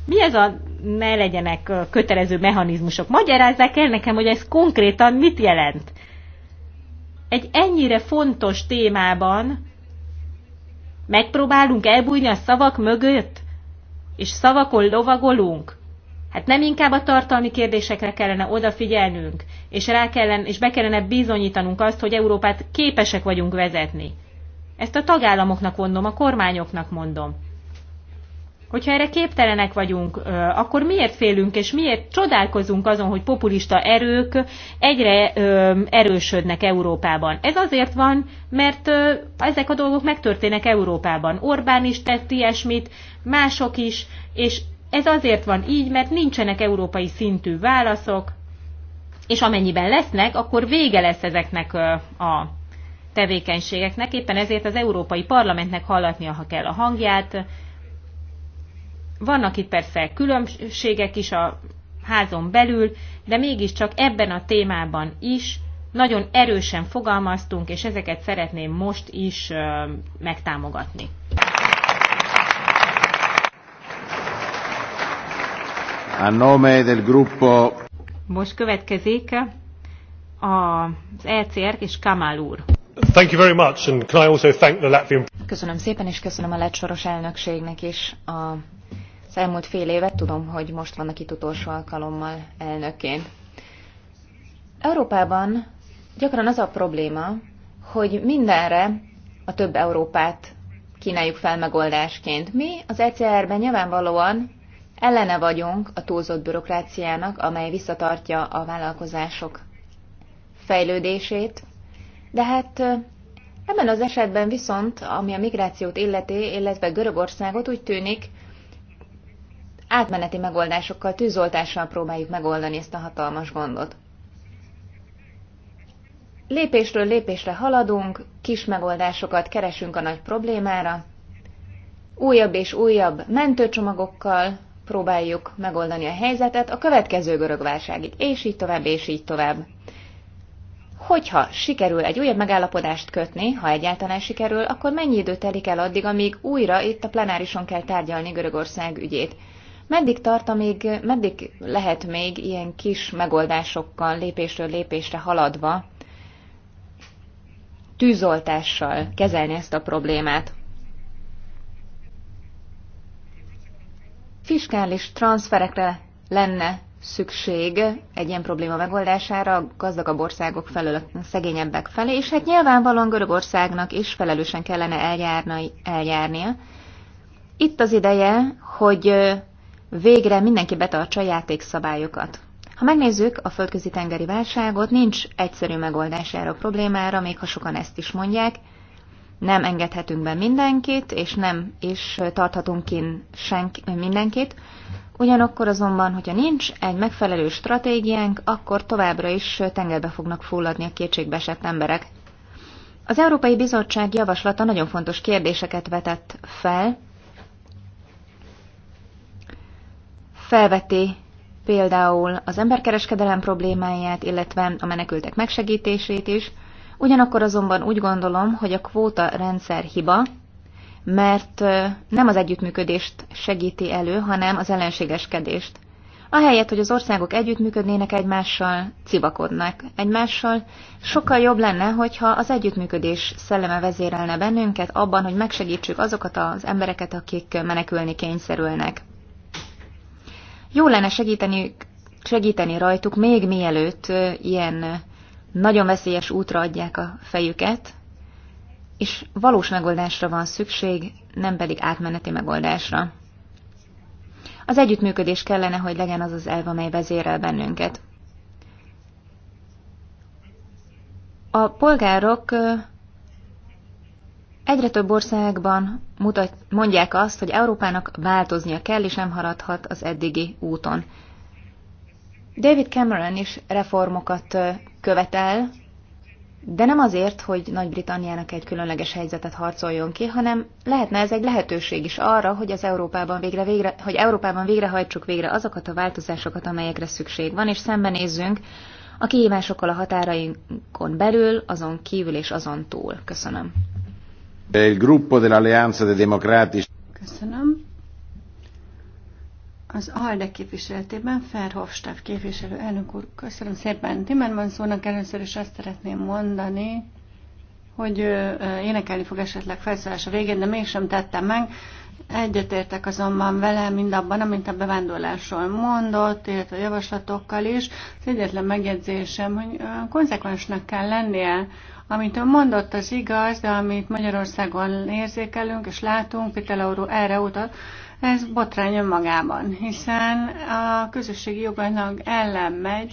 Speaker 1: Mi ez a ne legyenek kötelező mechanizmusok. Magyarázzák el nekem, hogy ez konkrétan mit jelent. Egy ennyire fontos témában megpróbálunk elbújni a szavak mögött, és szavakon lovagolunk. Hát nem inkább a tartalmi kérdésekre kellene odafigyelnünk, és, rá kellene, és be kellene bizonyítanunk azt, hogy Európát képesek vagyunk vezetni. Ezt a tagállamoknak mondom, a kormányoknak mondom. Hogyha erre képtelenek vagyunk, akkor miért félünk, és miért csodálkozunk azon, hogy populista erők egyre erősödnek Európában? Ez azért van, mert ezek a dolgok megtörténnek Európában. Orbán is tett ilyesmit, mások is, és ez azért van így, mert nincsenek európai szintű válaszok, és amennyiben lesznek, akkor vége lesz ezeknek a tevékenységeknek. Éppen ezért az Európai Parlamentnek hallatnia ha kell a hangját, vannak itt persze különbségek is a házon belül, de mégiscsak ebben a témában is nagyon erősen fogalmaztunk, és ezeket szeretném most is megtámogatni.
Speaker 4: A nome del gruppo...
Speaker 1: Most következik az ECR
Speaker 3: és Kamal úr.
Speaker 4: Thank you very much, and can I also thank the Latvian...
Speaker 3: Köszönöm szépen, és köszönöm a lett soros elnökségnek is a az elmúlt fél évet, tudom, hogy most vannak itt utolsó alkalommal elnökként. Európában gyakran az a probléma, hogy mindenre a több Európát kínáljuk fel megoldásként. Mi az ECR-ben nyilvánvalóan ellene vagyunk a túlzott bürokráciának, amely visszatartja a vállalkozások fejlődését, de hát ebben az esetben viszont, ami a migrációt illeti, illetve Görögországot úgy tűnik, átmeneti megoldásokkal, tűzoltással próbáljuk megoldani ezt a hatalmas gondot. Lépésről lépésre haladunk, kis megoldásokat keresünk a nagy problémára, újabb és újabb mentőcsomagokkal próbáljuk megoldani a helyzetet a következő görög válságig, és így tovább, és így tovább. Hogyha sikerül egy újabb megállapodást kötni, ha egyáltalán sikerül, akkor mennyi idő telik el addig, amíg újra itt a plenárison kell tárgyalni Görögország ügyét? Meddig tart, amíg, meddig lehet még ilyen kis megoldásokkal, lépésről lépésre haladva, tűzoltással kezelni ezt a problémát? Fiskális transferekre lenne szükség egy ilyen probléma megoldására a gazdagabb országok felől a szegényebbek felé, és hát nyilvánvalóan Görögországnak is felelősen kellene eljárna, eljárnia. Itt az ideje, hogy végre mindenki betartsa a játékszabályokat. Ha megnézzük a földközi tengeri válságot, nincs egyszerű megoldás erre a problémára, még ha sokan ezt is mondják. Nem engedhetünk be mindenkit, és nem is tarthatunk kin senk mindenkit. Ugyanakkor azonban, hogyha nincs egy megfelelő stratégiánk, akkor továbbra is tengerbe fognak fulladni a kétségbeesett emberek. Az Európai Bizottság javaslata nagyon fontos kérdéseket vetett fel, felveti például az emberkereskedelem problémáját, illetve a menekültek megsegítését is, ugyanakkor azonban úgy gondolom, hogy a kvóta rendszer hiba, mert nem az együttműködést segíti elő, hanem az ellenségeskedést. Ahelyett, hogy az országok együttműködnének egymással, civakodnak egymással, sokkal jobb lenne, hogyha az együttműködés szelleme vezérelne bennünket abban, hogy megsegítsük azokat az embereket, akik menekülni kényszerülnek. Jó lenne segíteni, segíteni rajtuk még mielőtt ilyen nagyon veszélyes útra adják a fejüket, és valós megoldásra van szükség, nem pedig átmeneti megoldásra. Az együttműködés kellene, hogy legyen az az elv, amely vezérel bennünket. A polgárok Egyre több országban mutat, mondják azt, hogy Európának változnia kell, és nem haradhat az eddigi úton. David Cameron is reformokat követel, de nem azért, hogy Nagy-Britanniának egy különleges helyzetet harcoljon ki, hanem lehetne ez egy lehetőség is arra, hogy az Európában végre, végre hogy Európában végrehajtsuk végre azokat a változásokat, amelyekre szükség van, és szembenézzünk a kihívásokkal a határainkon belül, azon kívül és azon túl. Köszönöm.
Speaker 4: Il gruppo dell'Alleanza dei Democratici.
Speaker 2: Köszönöm. Az ALDE képviseletében Ferhofstaff képviselő elnök úr, köszönöm szépen. szónak először is azt szeretném mondani, hogy énekelni fog esetleg a végén, de mégsem tettem meg. Egyetértek azonban vele mindabban, amint a bevándorlásról mondott, illetve a javaslatokkal is. Az egyetlen megjegyzésem, hogy konzekvensnek kell lennie Amint ön mondott, az igaz, de amit Magyarországon érzékelünk és látunk, Pitelauro erre utal, ez botrány önmagában, hiszen a közösségi jogainak ellen megy,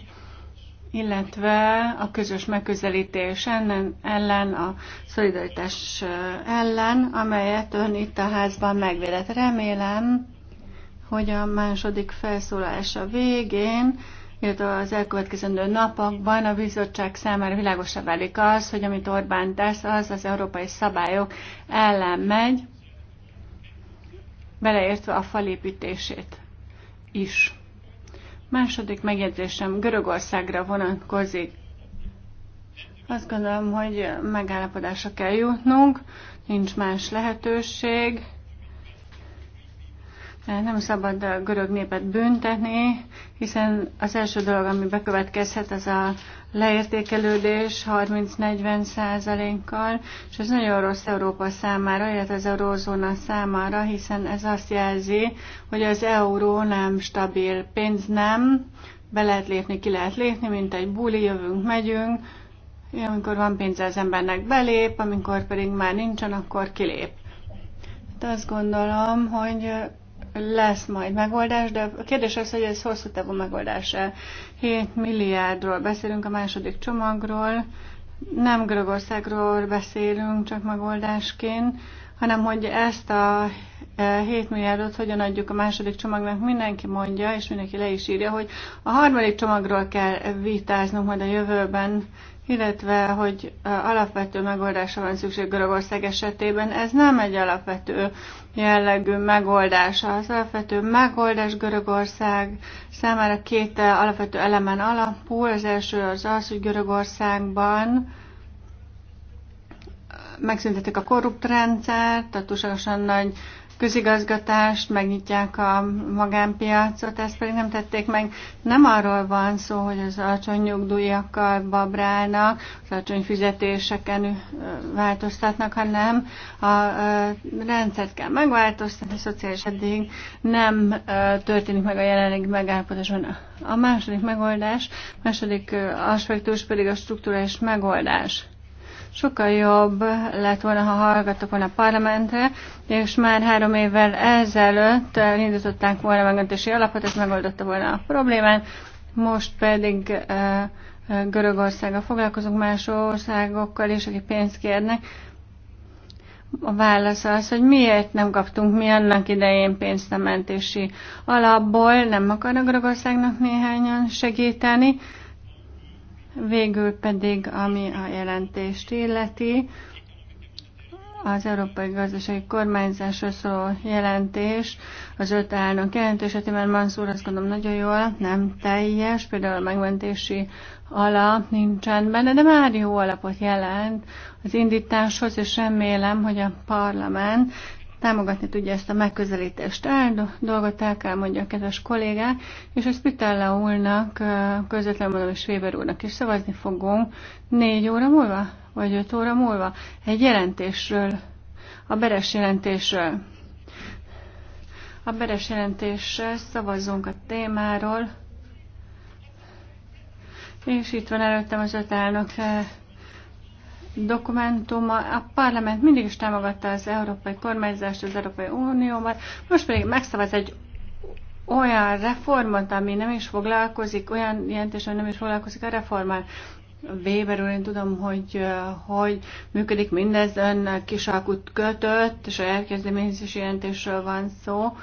Speaker 2: illetve a közös megközelítés ellen, ellen, a szolidaritás ellen, amelyet ön itt a házban megvédett. Remélem, hogy a második felszólása végén illetve az elkövetkezendő napokban a bizottság számára világosabb válik az, hogy amit Orbán tesz, az az európai szabályok ellen megy, beleértve a falépítését is. Második megjegyzésem Görögországra vonatkozik. Azt gondolom, hogy megállapodásra kell jutnunk, nincs más lehetőség. Nem szabad a görög népet büntetni, hiszen az első dolog, ami bekövetkezhet, az a leértékelődés 30-40 százalékkal, és ez nagyon rossz Európa számára, illetve az eurózóna számára, hiszen ez azt jelzi, hogy az euró nem stabil pénz nem, be lehet lépni, ki lehet lépni, mint egy buli, jövünk, megyünk, amikor van pénze az embernek belép, amikor pedig már nincsen, akkor kilép. De hát azt gondolom, hogy lesz majd megoldás, de a kérdés az, hogy ez hosszú távú megoldás -e. 7 milliárdról beszélünk a második csomagról, nem Görögországról beszélünk csak megoldásként, hanem hogy ezt a 7 e, milliárdot hogyan adjuk a második csomagnak, mindenki mondja, és mindenki le is írja, hogy a harmadik csomagról kell vitáznunk majd a jövőben, illetve hogy e, alapvető megoldásra van szükség Görögország esetében. Ez nem egy alapvető jellegű megoldása, Az alapvető megoldás Görögország számára két alapvető elemen alapul. Az első az az, hogy Görögországban megszüntetik a korrupt rendszert, a túlságosan nagy közigazgatást, megnyitják a magánpiacot, ezt pedig nem tették meg. Nem arról van szó, hogy az alacsony nyugdíjakkal babrálnak, az alacsony fizetéseken változtatnak, hanem a rendszert kell megváltoztatni, a szociális eddig nem történik meg a jelenlegi megállapodáson. A második megoldás, második aspektus pedig a struktúrális megoldás sokkal jobb lett volna, ha hallgattak volna a parlamentre, és már három évvel ezelőtt indították volna megmentési alapot, ez megoldotta volna a problémát, most pedig Görögországgal foglalkozunk, más országokkal is, akik pénzt kérnek. A válasz az, hogy miért nem kaptunk mi annak idején pénzt a mentési alapból, nem akarnak Görögországnak néhányan segíteni, Végül pedig, ami a jelentést illeti, az Európai Gazdasági Kormányzásról szóló jelentés, az öt elnök jelentés, mert Manszúr azt gondolom nagyon jól, nem teljes, például a megmentési alap nincsen benne, de már jó alapot jelent az indításhoz, és remélem, hogy a parlament támogatni tudja ezt a megközelítést. El dolgot el kell mondja a kedves kollégák, és a Spitella úrnak, közvetlenül mondom, és Weber úrnak is szavazni fogunk négy óra múlva, vagy öt óra múlva egy jelentésről, a beres jelentésről. A beres jelentéssel szavazzunk a témáról, és itt van előttem az öt elnök dokumentuma. A parlament mindig is támogatta az európai kormányzást az Európai Unióban, most pedig megszavaz egy olyan reformot, ami nem is foglalkozik, olyan jelentés, ami nem is foglalkozik a reformmal. Weber úr, én tudom, hogy hogy működik mindez, ön kisalkut kötött, és a elkezdeményezési jelentésről van szó.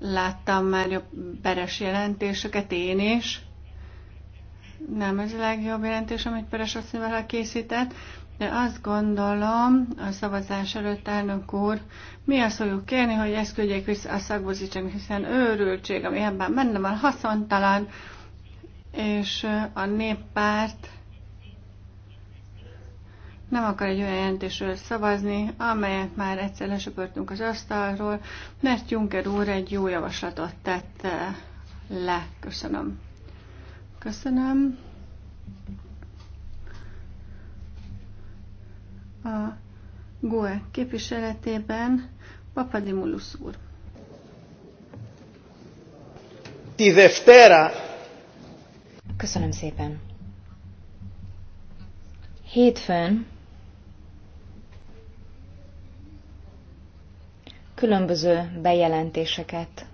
Speaker 2: Láttam már jobb beres jelentéseket én is nem ez a legjobb jelentés, amit Peres Asszonyval készített, de azt gondolom, a szavazás előtt elnök úr, mi azt fogjuk kérni, hogy ezt küldjék vissza a szakbozítsák, hiszen őrültség, ami ebben benne van, haszontalan, és a néppárt nem akar egy olyan jelentésről szavazni, amelyet már egyszer lesöpörtünk az asztalról, mert Juncker úr egy jó javaslatot tett le. Köszönöm. Köszönöm. A GOE képviseletében Papadimulus úr.
Speaker 3: Köszönöm szépen. Hétfőn különböző bejelentéseket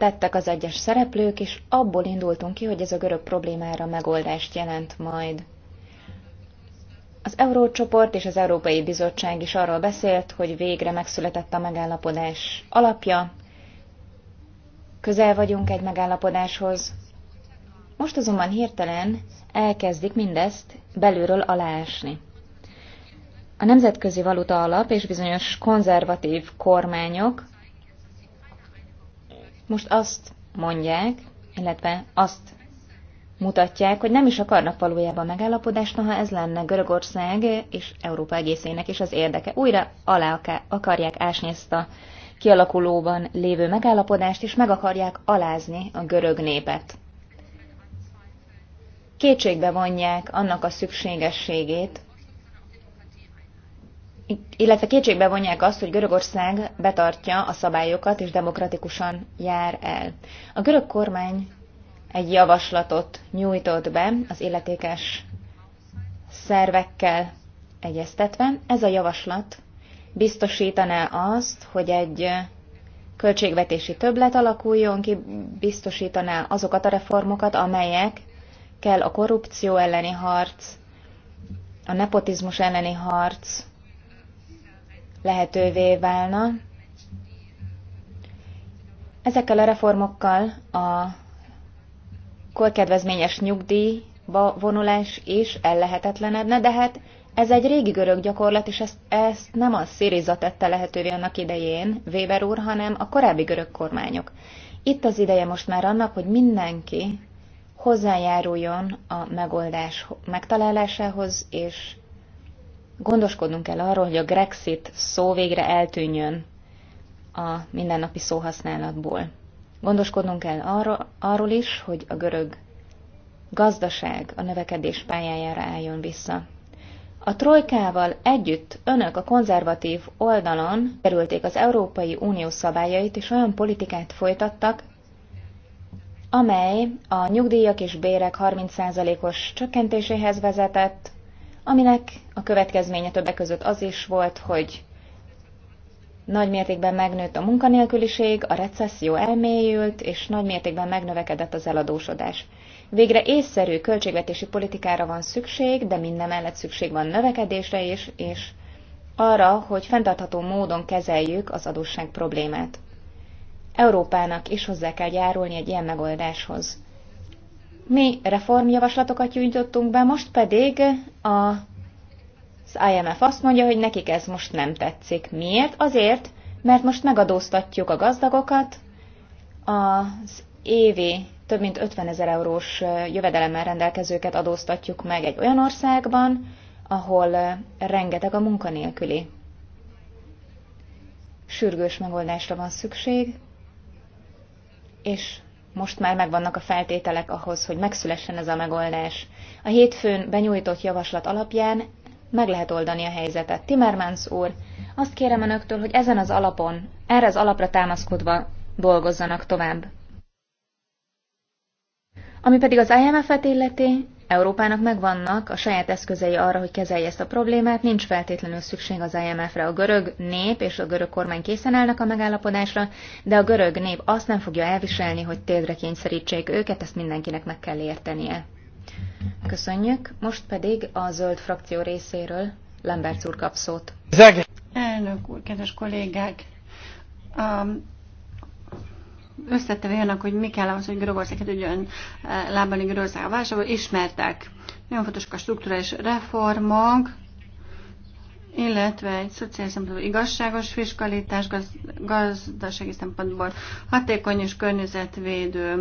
Speaker 3: tettek az egyes szereplők, és abból indultunk ki, hogy ez a görög problémára megoldást jelent majd. Az Eurócsoport és az Európai Bizottság is arról beszélt, hogy végre megszületett a megállapodás alapja, közel vagyunk egy megállapodáshoz. Most azonban hirtelen elkezdik mindezt belülről aláásni. A Nemzetközi Valuta Alap és bizonyos konzervatív kormányok most azt mondják, illetve azt mutatják, hogy nem is akarnak valójában megállapodást, noha ez lenne Görögország és Európa egészének is az érdeke. Újra alá akarják ásni ezt a kialakulóban lévő megállapodást, és meg akarják alázni a görög népet. Kétségbe vonják annak a szükségességét, illetve kétségbe vonják azt, hogy Görögország betartja a szabályokat és demokratikusan jár el. A görög kormány egy javaslatot nyújtott be az illetékes szervekkel egyeztetve. Ez a javaslat biztosítaná azt, hogy egy költségvetési többlet alakuljon ki, biztosítaná azokat a reformokat, amelyek kell a korrupció elleni harc, a nepotizmus elleni harc, lehetővé válna. Ezekkel a reformokkal a korkedvezményes nyugdíjba vonulás is ellehetetlenedne, de hát ez egy régi görög gyakorlat, és ezt, ezt nem a Sziriza tette lehetővé annak idején, Weber úr, hanem a korábbi görög kormányok. Itt az ideje most már annak, hogy mindenki hozzájáruljon a megoldás megtalálásához, és gondoskodnunk kell arról, hogy a Grexit szó végre eltűnjön a mindennapi szóhasználatból. Gondoskodnunk kell arról, arról is, hogy a görög gazdaság a növekedés pályájára álljon vissza. A trojkával együtt önök a konzervatív oldalon kerülték az Európai Unió szabályait, és olyan politikát folytattak, amely a nyugdíjak és bérek 30%-os csökkentéséhez vezetett, aminek a következménye többek között az is volt, hogy nagy mértékben megnőtt a munkanélküliség, a recesszió elmélyült, és nagy mértékben megnövekedett az eladósodás. Végre észszerű költségvetési politikára van szükség, de minden mellett szükség van növekedésre is, és arra, hogy fenntartható módon kezeljük az adósság problémát. Európának is hozzá kell járulni egy ilyen megoldáshoz. Mi reformjavaslatokat gyújtottunk be, most pedig a, az IMF azt mondja, hogy nekik ez most nem tetszik. Miért? Azért, mert most megadóztatjuk a gazdagokat, az évi több mint 50 ezer eurós jövedelemmel rendelkezőket adóztatjuk meg egy olyan országban, ahol rengeteg a munkanélküli. Sürgős megoldásra van szükség, és most már megvannak a feltételek ahhoz, hogy megszülessen ez a megoldás. A hétfőn benyújtott javaslat alapján meg lehet oldani a helyzetet. Timmermans úr, azt kérem önöktől, hogy ezen az alapon, erre az alapra támaszkodva dolgozzanak tovább. Ami pedig az IMF-et illeti, Európának megvannak a saját eszközei arra, hogy kezelje ezt a problémát, nincs feltétlenül szükség az IMF-re. A görög nép és a görög kormány készen állnak a megállapodásra, de a görög nép azt nem fogja elviselni, hogy térdre kényszerítsék őket, ezt mindenkinek meg kell értenie. Köszönjük, most pedig a zöld frakció részéről Lambert úr kap szót.
Speaker 2: Elnök úr, kedves kollégák! a összeteve annak, hogy mi kell ahhoz, hogy Görögország tudjon eh, lábani Görögország a válságból, ismertek. Nagyon fontosak a struktúrális reformok, illetve egy szociális szempontból igazságos fiskalitás, gaz, gazdasági szempontból hatékony és környezetvédő.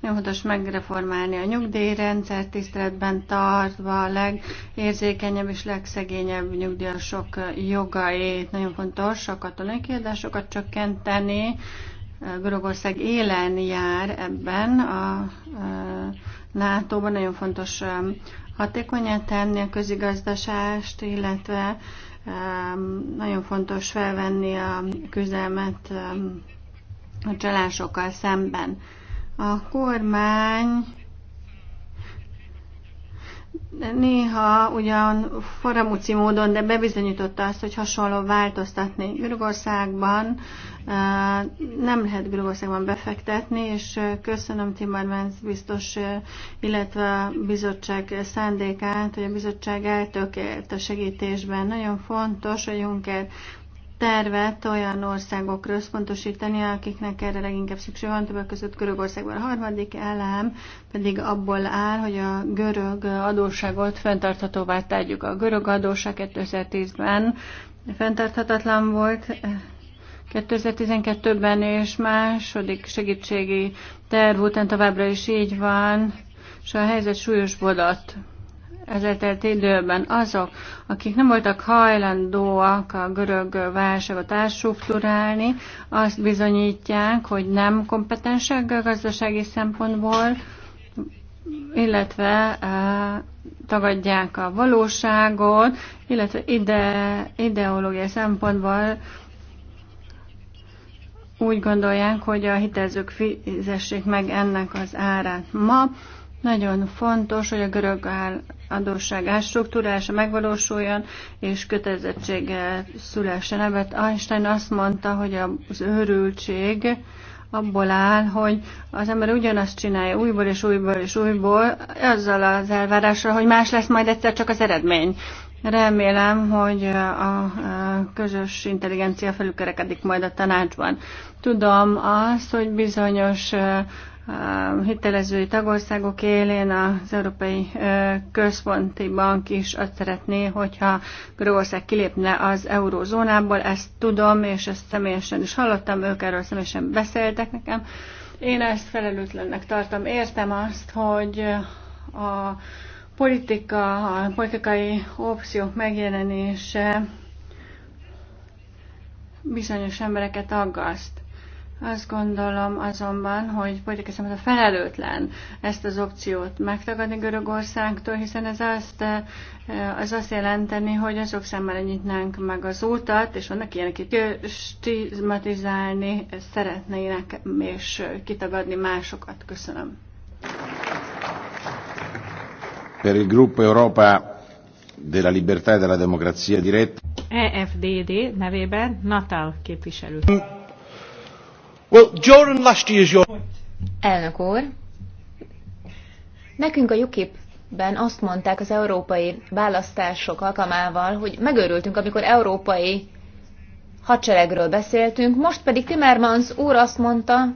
Speaker 2: Nagyon fontos megreformálni a nyugdíjrendszer tiszteletben tartva a legérzékenyebb és legszegényebb nyugdíjasok jogait. Nagyon fontos a katonai kiadásokat csökkenteni, Görögország élen jár ebben a NATO-ban, nagyon fontos um, hatékonyá tenni a közigazdaságot, illetve um, nagyon fontos felvenni a küzdelmet um, a csalásokkal szemben. A kormány néha ugyan faramúci módon, de bebizonyította azt, hogy hasonló változtatni. Görögországban nem lehet Görögországban befektetni, és köszönöm Timmermans biztos, illetve a bizottság szándékát, hogy a bizottság eltökélt a segítésben. Nagyon fontos hogy Juncker tervet olyan országokra összpontosítani, akiknek erre leginkább szükség van, többek között Görögországban. A harmadik elem pedig abból áll, hogy a görög adósságot fenntarthatóvá tegyük. A görög adósság 2010-ben fenntarthatatlan volt, 2012-ben és második segítségi terv után továbbra is így van, és a helyzet súlyos bodat ezért időben azok, akik nem voltak hajlandóak a görög válságot átstruktúrálni, azt bizonyítják, hogy nem kompetensek a gazdasági szempontból, illetve eh, tagadják a valóságot, illetve ide, ideológiai szempontból úgy gondolják, hogy a hitelzők fizessék meg ennek az árát. Ma nagyon fontos, hogy a görög adósság átstruktúrása megvalósuljon, és kötelezettsége szülessen. Ebben Einstein azt mondta, hogy az őrültség abból áll, hogy az ember ugyanazt csinálja újból és újból és újból, azzal az elvárással, hogy más lesz majd egyszer csak az eredmény. Remélem, hogy a közös intelligencia felülkerekedik majd a tanácsban. Tudom azt, hogy bizonyos hitelezői tagországok élén az Európai Központi Bank is azt szeretné, hogyha Görögország kilépne az eurózónából, ezt tudom, és ezt személyesen is hallottam, ők erről személyesen beszéltek nekem. Én ezt felelőtlennek tartom. Értem azt, hogy a politika, a politikai opciók megjelenése bizonyos embereket aggaszt. Azt gondolom azonban, hogy politikai a felelőtlen ezt az opciót megtagadni Görögországtól, hiszen ez azt, eh, az azt jelenteni, hogy azok szemmel nyitnánk meg az útat, és vannak ilyenek, akik stigmatizálni szeretnének, és kitagadni másokat. Köszönöm.
Speaker 4: Per il gruppo Europa della libertà e della democrazia diretta.
Speaker 2: EFDD nevében
Speaker 1: Natal képviselő.
Speaker 2: Well, Joran last year's your...
Speaker 3: Elnök úr, nekünk a UKIP-ben azt mondták az európai választások alkalmával, hogy megörültünk, amikor európai hadseregről beszéltünk, most pedig Timmermans úr azt mondta,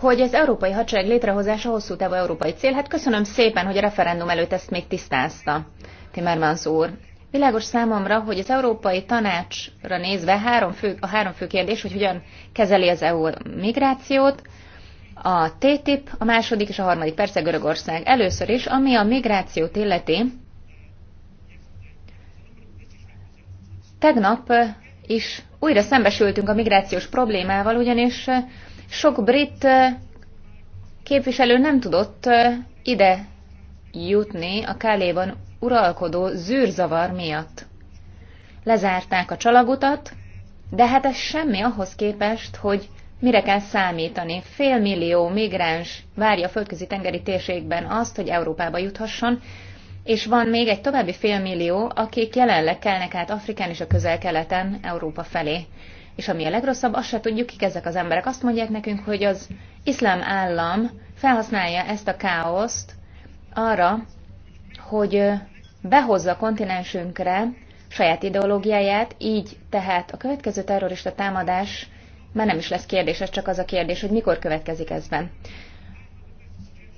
Speaker 3: hogy az európai hadsereg létrehozása hosszú távú európai cél. Hát köszönöm szépen, hogy a referendum előtt ezt még tisztázta, Timmermans úr. Világos számomra, hogy az Európai Tanácsra nézve három fő, a három fő kérdés, hogy hogyan kezeli az EU migrációt, a TTIP, a második és a harmadik, persze Görögország. Először is, ami a migrációt illeti, tegnap is újra szembesültünk a migrációs problémával, ugyanis sok brit képviselő nem tudott ide jutni a Káléban uralkodó zűrzavar miatt. Lezárták a csalagutat, de hát ez semmi ahhoz képest, hogy mire kell számítani. Fél millió migráns várja a földközi tengeri térségben azt, hogy Európába juthasson, és van még egy további félmillió, akik jelenleg kelnek át Afrikán és a közel-keleten Európa felé. És ami a legrosszabb, azt se tudjuk, kik ezek az emberek. Azt mondják nekünk, hogy az iszlám állam felhasználja ezt a káoszt arra, hogy behozza a kontinensünkre saját ideológiáját, így tehát a következő terrorista támadás már nem is lesz kérdés, ez csak az a kérdés, hogy mikor következik ezben.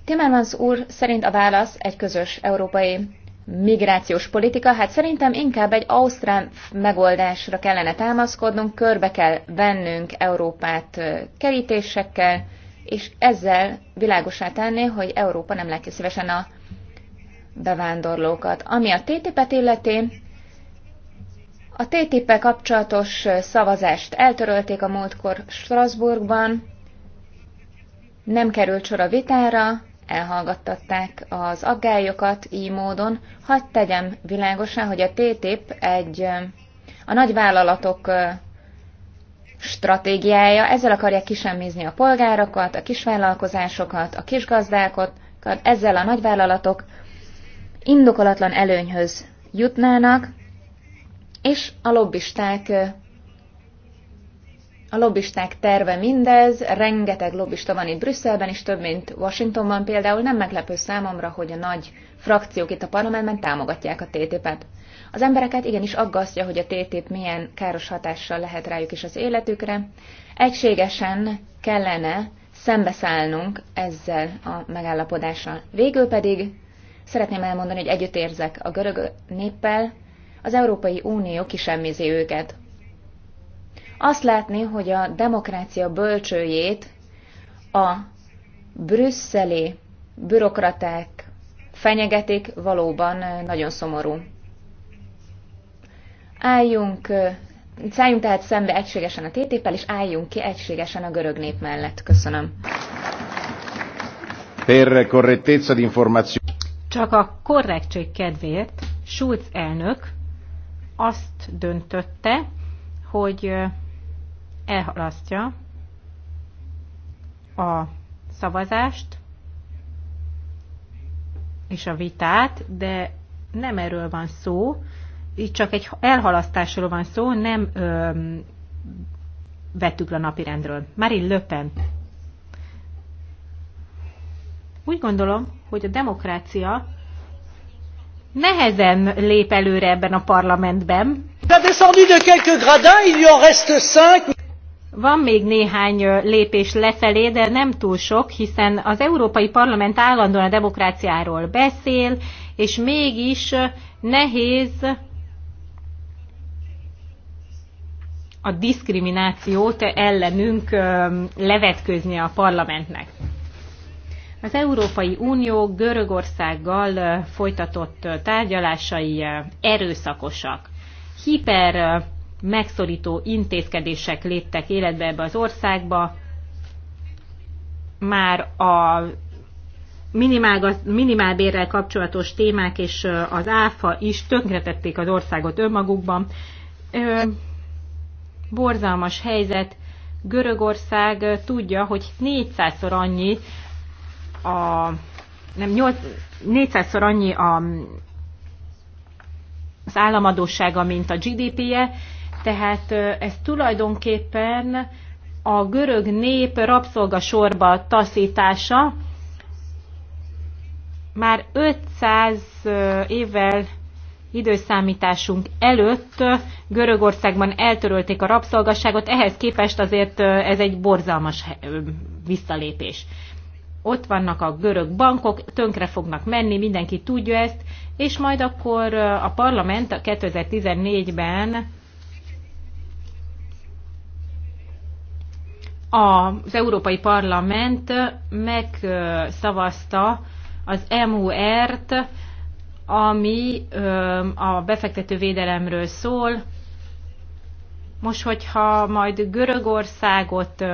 Speaker 3: Timmermans úr szerint a válasz egy közös európai migrációs politika, hát szerintem inkább egy ausztrán megoldásra kellene támaszkodnunk, körbe kell vennünk Európát kerítésekkel, és ezzel világosá tenni, hogy Európa nem látja szívesen a bevándorlókat. Ami a TTIP-et illeti, a ttip kapcsolatos szavazást eltörölték a múltkor Strasbourgban, nem került sor a vitára, elhallgattatták az aggályokat így módon. Hadd tegyem világosá, hogy a TTIP egy a nagyvállalatok stratégiája, ezzel akarják kisemmizni a polgárokat, a kisvállalkozásokat, a kisgazdákat, ezzel a nagyvállalatok indokolatlan előnyhöz jutnának, és a lobbisták a lobbisták terve mindez, rengeteg lobbista van itt Brüsszelben is, több mint Washingtonban például, nem meglepő számomra, hogy a nagy frakciók itt a parlamentben támogatják a TTIP-et. Az embereket igenis aggasztja, hogy a TTIP milyen káros hatással lehet rájuk is az életükre. Egységesen kellene szembeszállnunk ezzel a megállapodással. Végül pedig Szeretném elmondani, hogy együtt érzek a görög néppel, az Európai Unió kisemmizi őket. Azt látni, hogy a demokrácia bölcsőjét a brüsszeli bürokraták fenyegetik, valóban nagyon szomorú. Álljunk, szálljunk tehát szembe egységesen a ttip és álljunk ki egységesen a görög nép mellett. Köszönöm.
Speaker 4: Per correttezza di informazione.
Speaker 1: Csak a
Speaker 3: korrektség kedvéért
Speaker 1: Schulz elnök azt döntötte, hogy elhalasztja a szavazást és a vitát, de nem erről van szó, itt csak egy elhalasztásról van szó, nem öm, vettük le a napirendről. Marine Le Pen úgy gondolom, hogy a demokrácia nehezen lép előre ebben a parlamentben. Van még néhány lépés lefelé, de nem túl sok, hiszen az Európai Parlament állandóan a demokráciáról beszél, és mégis nehéz a diszkriminációt ellenünk levetkőzni a parlamentnek. Az Európai Unió Görögországgal folytatott tárgyalásai erőszakosak. Hiper megszorító intézkedések léptek életbe ebbe az országba. Már a minimálbérrel kapcsolatos témák és az áfa is tönkretették az országot önmagukban. Borzalmas helyzet. Görögország tudja, hogy 400-szor annyi a nem 8, 400-szor annyi a, az államadósága, mint a GDP-je, tehát ez tulajdonképpen a görög nép rabszolgasorba taszítása már 500 évvel időszámításunk előtt Görögországban eltörölték a rabszolgasságot, ehhez képest azért ez egy borzalmas visszalépés ott vannak a görög bankok, tönkre fognak menni, mindenki tudja ezt, és majd akkor a parlament 2014-ben az Európai Parlament megszavazta az MUR-t, ami a befektetővédelemről szól. Most, hogyha majd Görögországot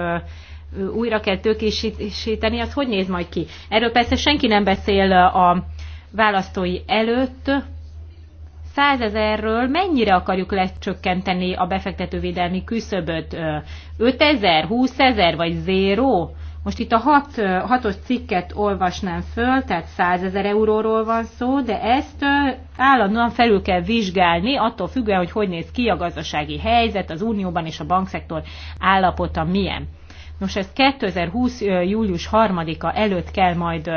Speaker 1: újra kell tökésíteni, az hogy néz majd ki? Erről persze senki nem beszél a választói előtt. Százezerről mennyire akarjuk lecsökkenteni a befektetővédelmi küszöböt? 5 20 ezer vagy zéró? Most itt a hat, hatos cikket olvasnám föl, tehát 100 ezer euróról van szó, de ezt állandóan felül kell vizsgálni, attól függően, hogy hogy néz ki a gazdasági helyzet az unióban és a bankszektor állapota milyen. Nos, ezt 2020. július 3-a előtt kell majd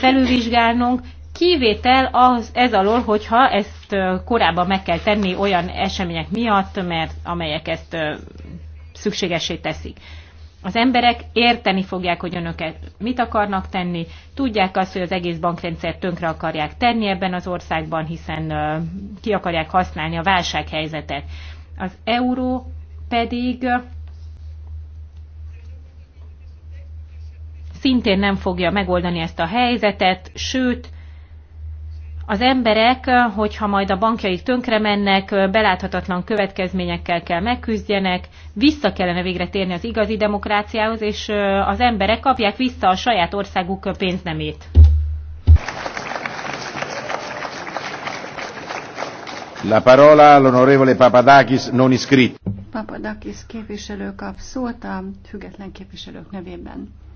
Speaker 1: felülvizsgálnunk, kivétel az, ez alól, hogyha ezt korábban meg kell tenni olyan események miatt, mert amelyek ezt szükségesé teszik. Az emberek érteni fogják, hogy önöket mit akarnak tenni, tudják azt, hogy az egész bankrendszer tönkre akarják tenni ebben az országban, hiszen ki akarják használni a válsághelyzetet. Az euró pedig szintén nem fogja megoldani ezt a helyzetet, sőt, az emberek, hogyha majd a bankjaik tönkre mennek, beláthatatlan következményekkel kell megküzdjenek, vissza kellene végre térni az igazi demokráciához, és az emberek kapják vissza a saját országuk pénznemét.
Speaker 4: La parola all'onorevole Papadakis non iscritto.
Speaker 2: Papadakis képviselő kap szót a független képviselők nevében.